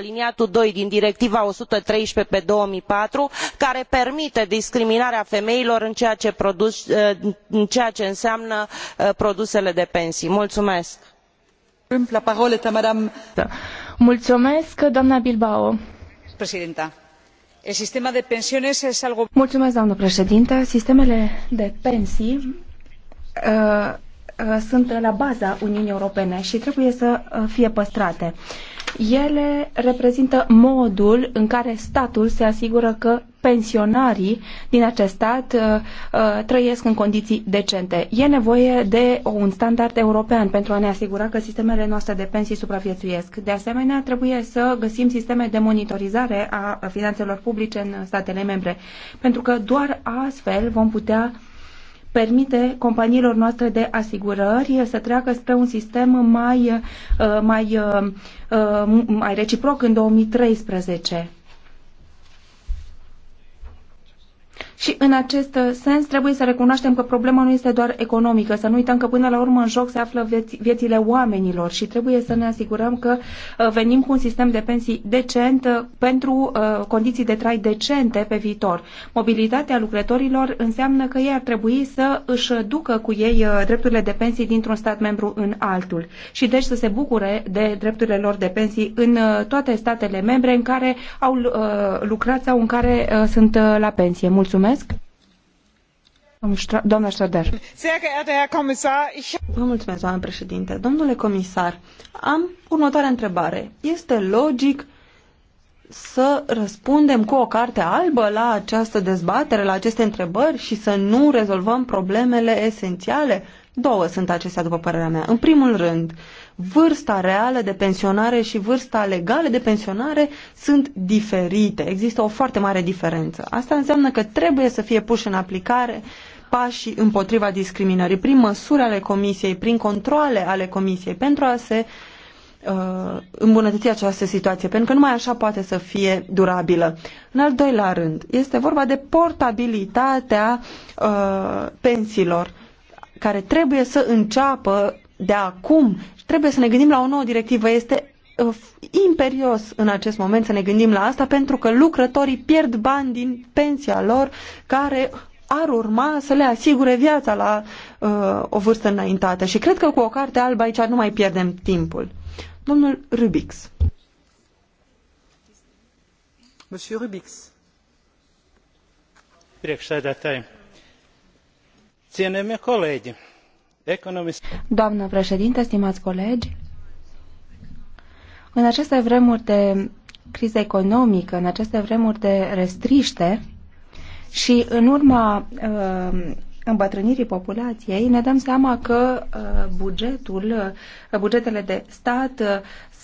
aliniatul doi din directiva o sută treisprezece două mii patru care permite discriminarea femeilor în ceea ce eh, înseamnă eh, produsele de pensii. mulumesc. Da. sistemele de pensii eh, sunt la baza Uniunii Europene și trebuie să fie păstrate. Ele reprezintă modul în care statul se asigură că pensionarii din acest stat uh, uh, trăiesc în condiții decente. E nevoie de un standard european pentru a ne asigura că sistemele noastre de pensii supraviețuiesc. De asemenea, trebuie să găsim sisteme de monitorizare a finanțelor publice în statele membre, pentru că doar astfel vom putea permite companiilor noastre de asigurări să treacă spre un sistem mai, uh, mai, uh, uh, mai reciproc în 2013. Și în acest uh, sens trebuie să recunoaștem că problema nu este doar economică, să nu uităm că până la urmă în joc se află vieți, viețile oamenilor și trebuie să ne asigurăm că uh, venim cu un sistem de pensii decent uh, pentru condiții de trai decente pe viitor. Mobilitatea lucrătorilor înseamnă că ei ar trebui să își ducă cu ei drepturile de pensii dintr-un stat membru în altul și deci să se bucure de drepturile lor de pensii în toate statele membre în care au lucrat sau în care sunt la pensie. Mulțumesc! Mulțumesc. Vă mulțumesc, doamnă președinte. Domnule comisar, am următoarea întrebare. Este logic să răspundem cu o carte albă la această dezbatere, la aceste întrebări și să nu rezolvăm problemele esențiale Două sunt acestea, după părerea mea. În primul rând, vârsta reală de pensionare și vârsta legală de pensionare sunt diferite. Există o foarte mare diferență. Asta înseamnă că trebuie să fie puși în aplicare pașii împotriva discriminării, prin măsuri ale Comisiei, prin controle ale Comisiei, pentru a se uh, îmbunătăți această situație, pentru că numai așa poate să fie durabilă. În al doilea rând, este vorba de portabilitatea uh, pensiilor care trebuie să înceapă de acum și trebuie să ne gândim la o nouă directivă. Este uh, imperios în acest moment să ne gândim la asta pentru că lucrătorii pierd bani din pensia lor care ar urma să le asigure viața la uh, o vârstă înaintată. Și cred că cu o carte albă aici nu mai pierdem timpul. Domnul Rubix. Monsieur Rubix. Direct, Țineme Doamnă președinte, stimați colegi, în aceste vremuri de criză economică, în aceste vremuri de restriște și în urma uh, îmbătrânirii populației, ne dăm seama că uh, bugetul, uh, bugetele de stat uh,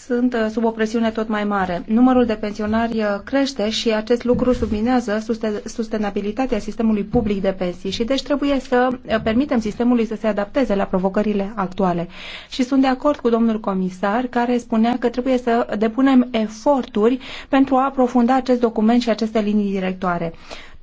sunt uh, sub o presiune tot mai mare. Numărul de pensionari uh, crește și acest lucru subminează sustenabilitatea sistemului public de pensii și deci trebuie să uh, permitem sistemului să se adapteze la provocările actuale. Și sunt de acord cu domnul comisar care spunea că trebuie să depunem eforturi pentru a aprofunda acest document și aceste linii directoare.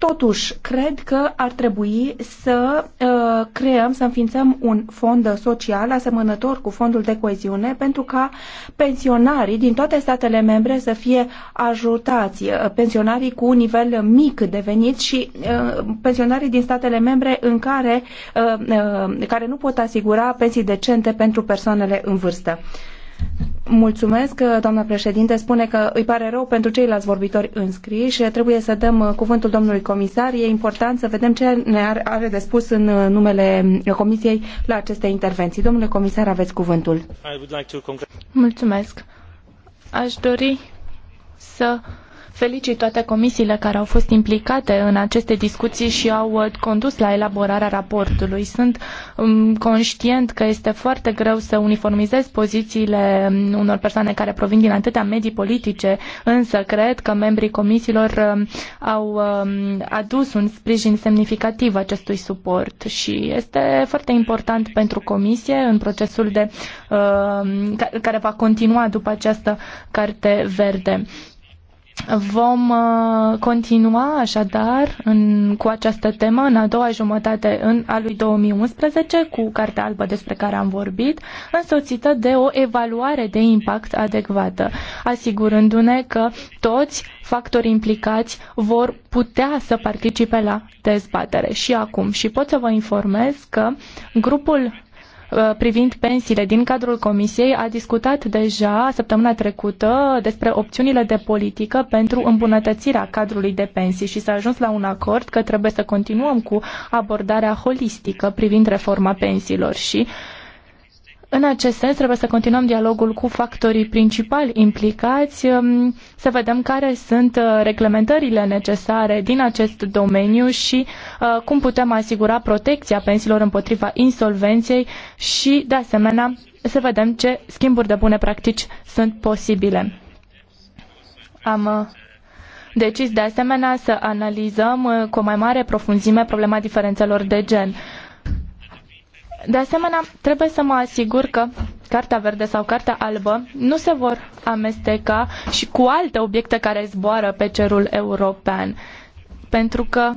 Totuși, cred că ar trebui să uh, creăm, să înființăm un fond social asemănător cu fondul de coeziune pentru ca pensionarii din toate statele membre să fie ajutați, uh, pensionarii cu un nivel mic de venit și uh, pensionarii din statele membre în care, uh, uh, care nu pot asigura pensii decente pentru persoanele în vârstă. Mulțumesc, doamna președinte. Spune că îi pare rău pentru ceilalți vorbitori înscriși. Trebuie să dăm uh, cuvântul domnului comisar. E important să vedem ce ne are de spus în uh, numele uh, Comisiei la aceste intervenții. Domnule comisar, aveți cuvântul. Mulțumesc. Aș dori să Felicit toate comisiile care au fost implicate în aceste discuții și au uh, condus la elaborarea raportului. Sunt um, conștient că este foarte greu să uniformizez pozițiile um, unor persoane care provin din atâtea medii politice, însă cred că membrii comisiilor um, au adus un sprijin semnificativ acestui suport și este foarte important pentru comisie în procesul de care va continua după această carte verde. Vom uh, continua așadar în, cu această temă în a doua jumătate în, a lui 2011 cu Cartea Albă despre care am vorbit, însoțită de o evaluare de impact adecvată, asigurându-ne că toți factorii implicați vor putea să participe la dezbatere. Și acum, și pot să vă informez că grupul Uh, privind pensiile din cadrul Comisiei a discutat deja săptămâna trecută despre opțiunile de politică pentru îmbunătățirea cadrului de pensii și s-a ajuns la un acord că trebuie să continuăm cu abordarea holistică privind reforma pensiilor și uh, în acest sens, trebuie să continuăm dialogul cu factorii principali implicați, um, să vedem care sunt uh, reglementările necesare din acest domeniu și uh, cum putem asigura protecția pensiilor împotriva insolvenței și, de asemenea, să vedem ce schimburi de bune practici sunt posibile. Am uh, decis, de asemenea, să analizăm cu o mai mare profunzime problema diferențelor de gen de asemenea, trebuie să mă asigur că Cartea Verde sau Cartea Albă nu se vor amesteca și cu alte obiecte care zboară pe cerul european. Pentru că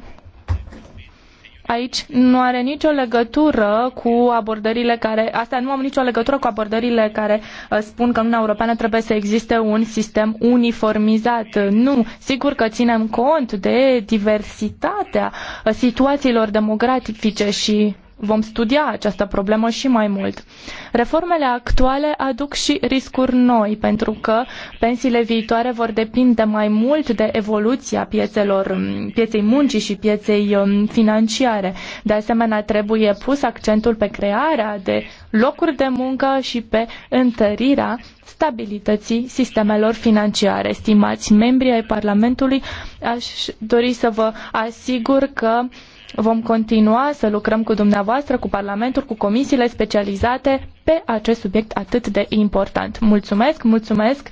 aici nu are nicio legătură cu abordările care, asta nu am nicio legătură cu abordările care uh, spun că în Uniunea Europeană trebuie să existe un sistem uniformizat. Nu, sigur că ținem cont de diversitatea uh, situațiilor demografice și vom studia această problemă și mai mult. Reformele actuale aduc și riscuri noi, pentru că pensiile viitoare vor depinde mai mult de evoluția piețelor, mm, pieței muncii și pieței mm, financiare. De asemenea, trebuie pus accentul pe crearea de locuri de muncă și pe întărirea stabilității sistemelor financiare. Stimați membri ai Parlamentului, aș dori să vă asigur că Vom continua să lucrăm cu dumneavoastră, cu Parlamentul, cu comisiile specializate pe acest subiect atât de important. Mulțumesc, mulțumesc!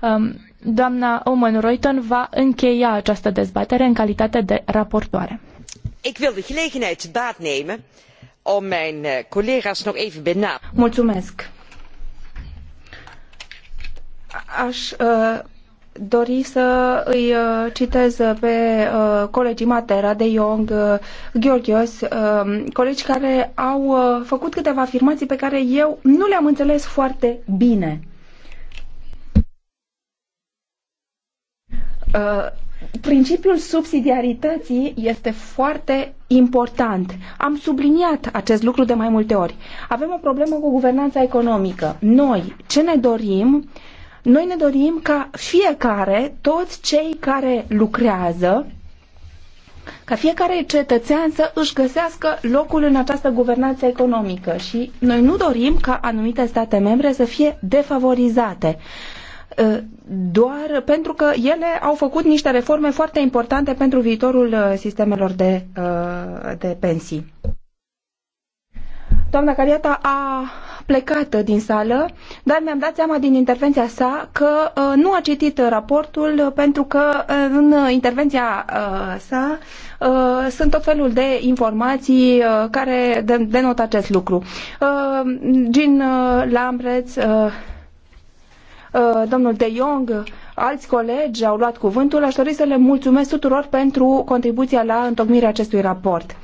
Um, doamna Oman Royton va încheia această dezbatere în calitate de raportoare. Ik wil de gelegenheid te baat nemen om mijn eh, collega's nog even benadrukken. Mulțumesc. Aș uh dori să îi uh, citez pe uh, colegii Matera, De Jong, uh, Gheorghios, colegi care au făcut câteva afirmații pe care eu nu le-am înțeles foarte bine. Principiul subsidiarității este foarte important. Am subliniat acest lucru de mai multe ori. Avem o problemă cu guvernanța economică. Noi, ce ne dorim noi ne dorim ca fiecare, toți cei care lucrează, ca fiecare cetățean să își găsească locul în această guvernanță economică și noi nu dorim ca anumite state membre să fie defavorizate ă, doar pentru că ele au făcut niște reforme foarte importante pentru viitorul ă, sistemelor de, ă, de pensii. Doamna Cariata a plecată din sală, dar mi-am dat seama din intervenția sa că uh, nu a citit uh, raportul uh, pentru că în intervenția sa sunt tot felul de informații care denotă acest lucru. Jean Lambreț, domnul De Jong, alți colegi au luat cuvântul. Aș dori să le mulțumesc tuturor pentru contribuția la întocmirea acestui raport.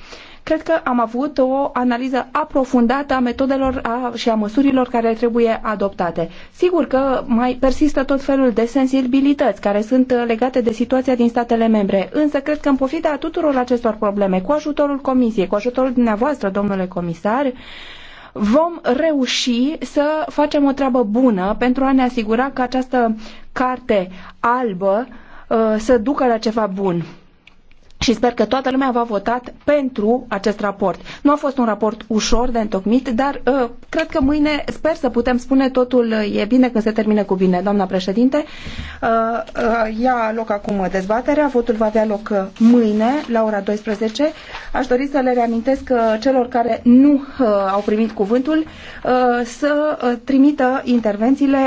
Cred că am avut o analiză aprofundată a metodelor a, și a măsurilor care trebuie adoptate. Sigur că mai persistă tot felul de sensibilități care sunt uh, legate de situația din statele membre, însă cred că în pofida tuturor acestor probleme, cu ajutorul Comisiei, cu ajutorul dumneavoastră, domnule comisar, vom reuși să facem o treabă bună pentru a ne asigura că această carte albă uh, să ducă la ceva bun și sper că toată lumea va votat pentru acest raport. Nu a fost un raport ușor de întocmit, dar uh, cred că mâine sper să putem spune totul uh, e bine că se termină cu bine. Doamna președinte, uh, uh, ia loc acum dezbaterea, votul va avea loc uh, mâine la ora 12. Aș dori să le reamintesc uh, celor care nu uh, au primit cuvântul uh, să trimită intervențiile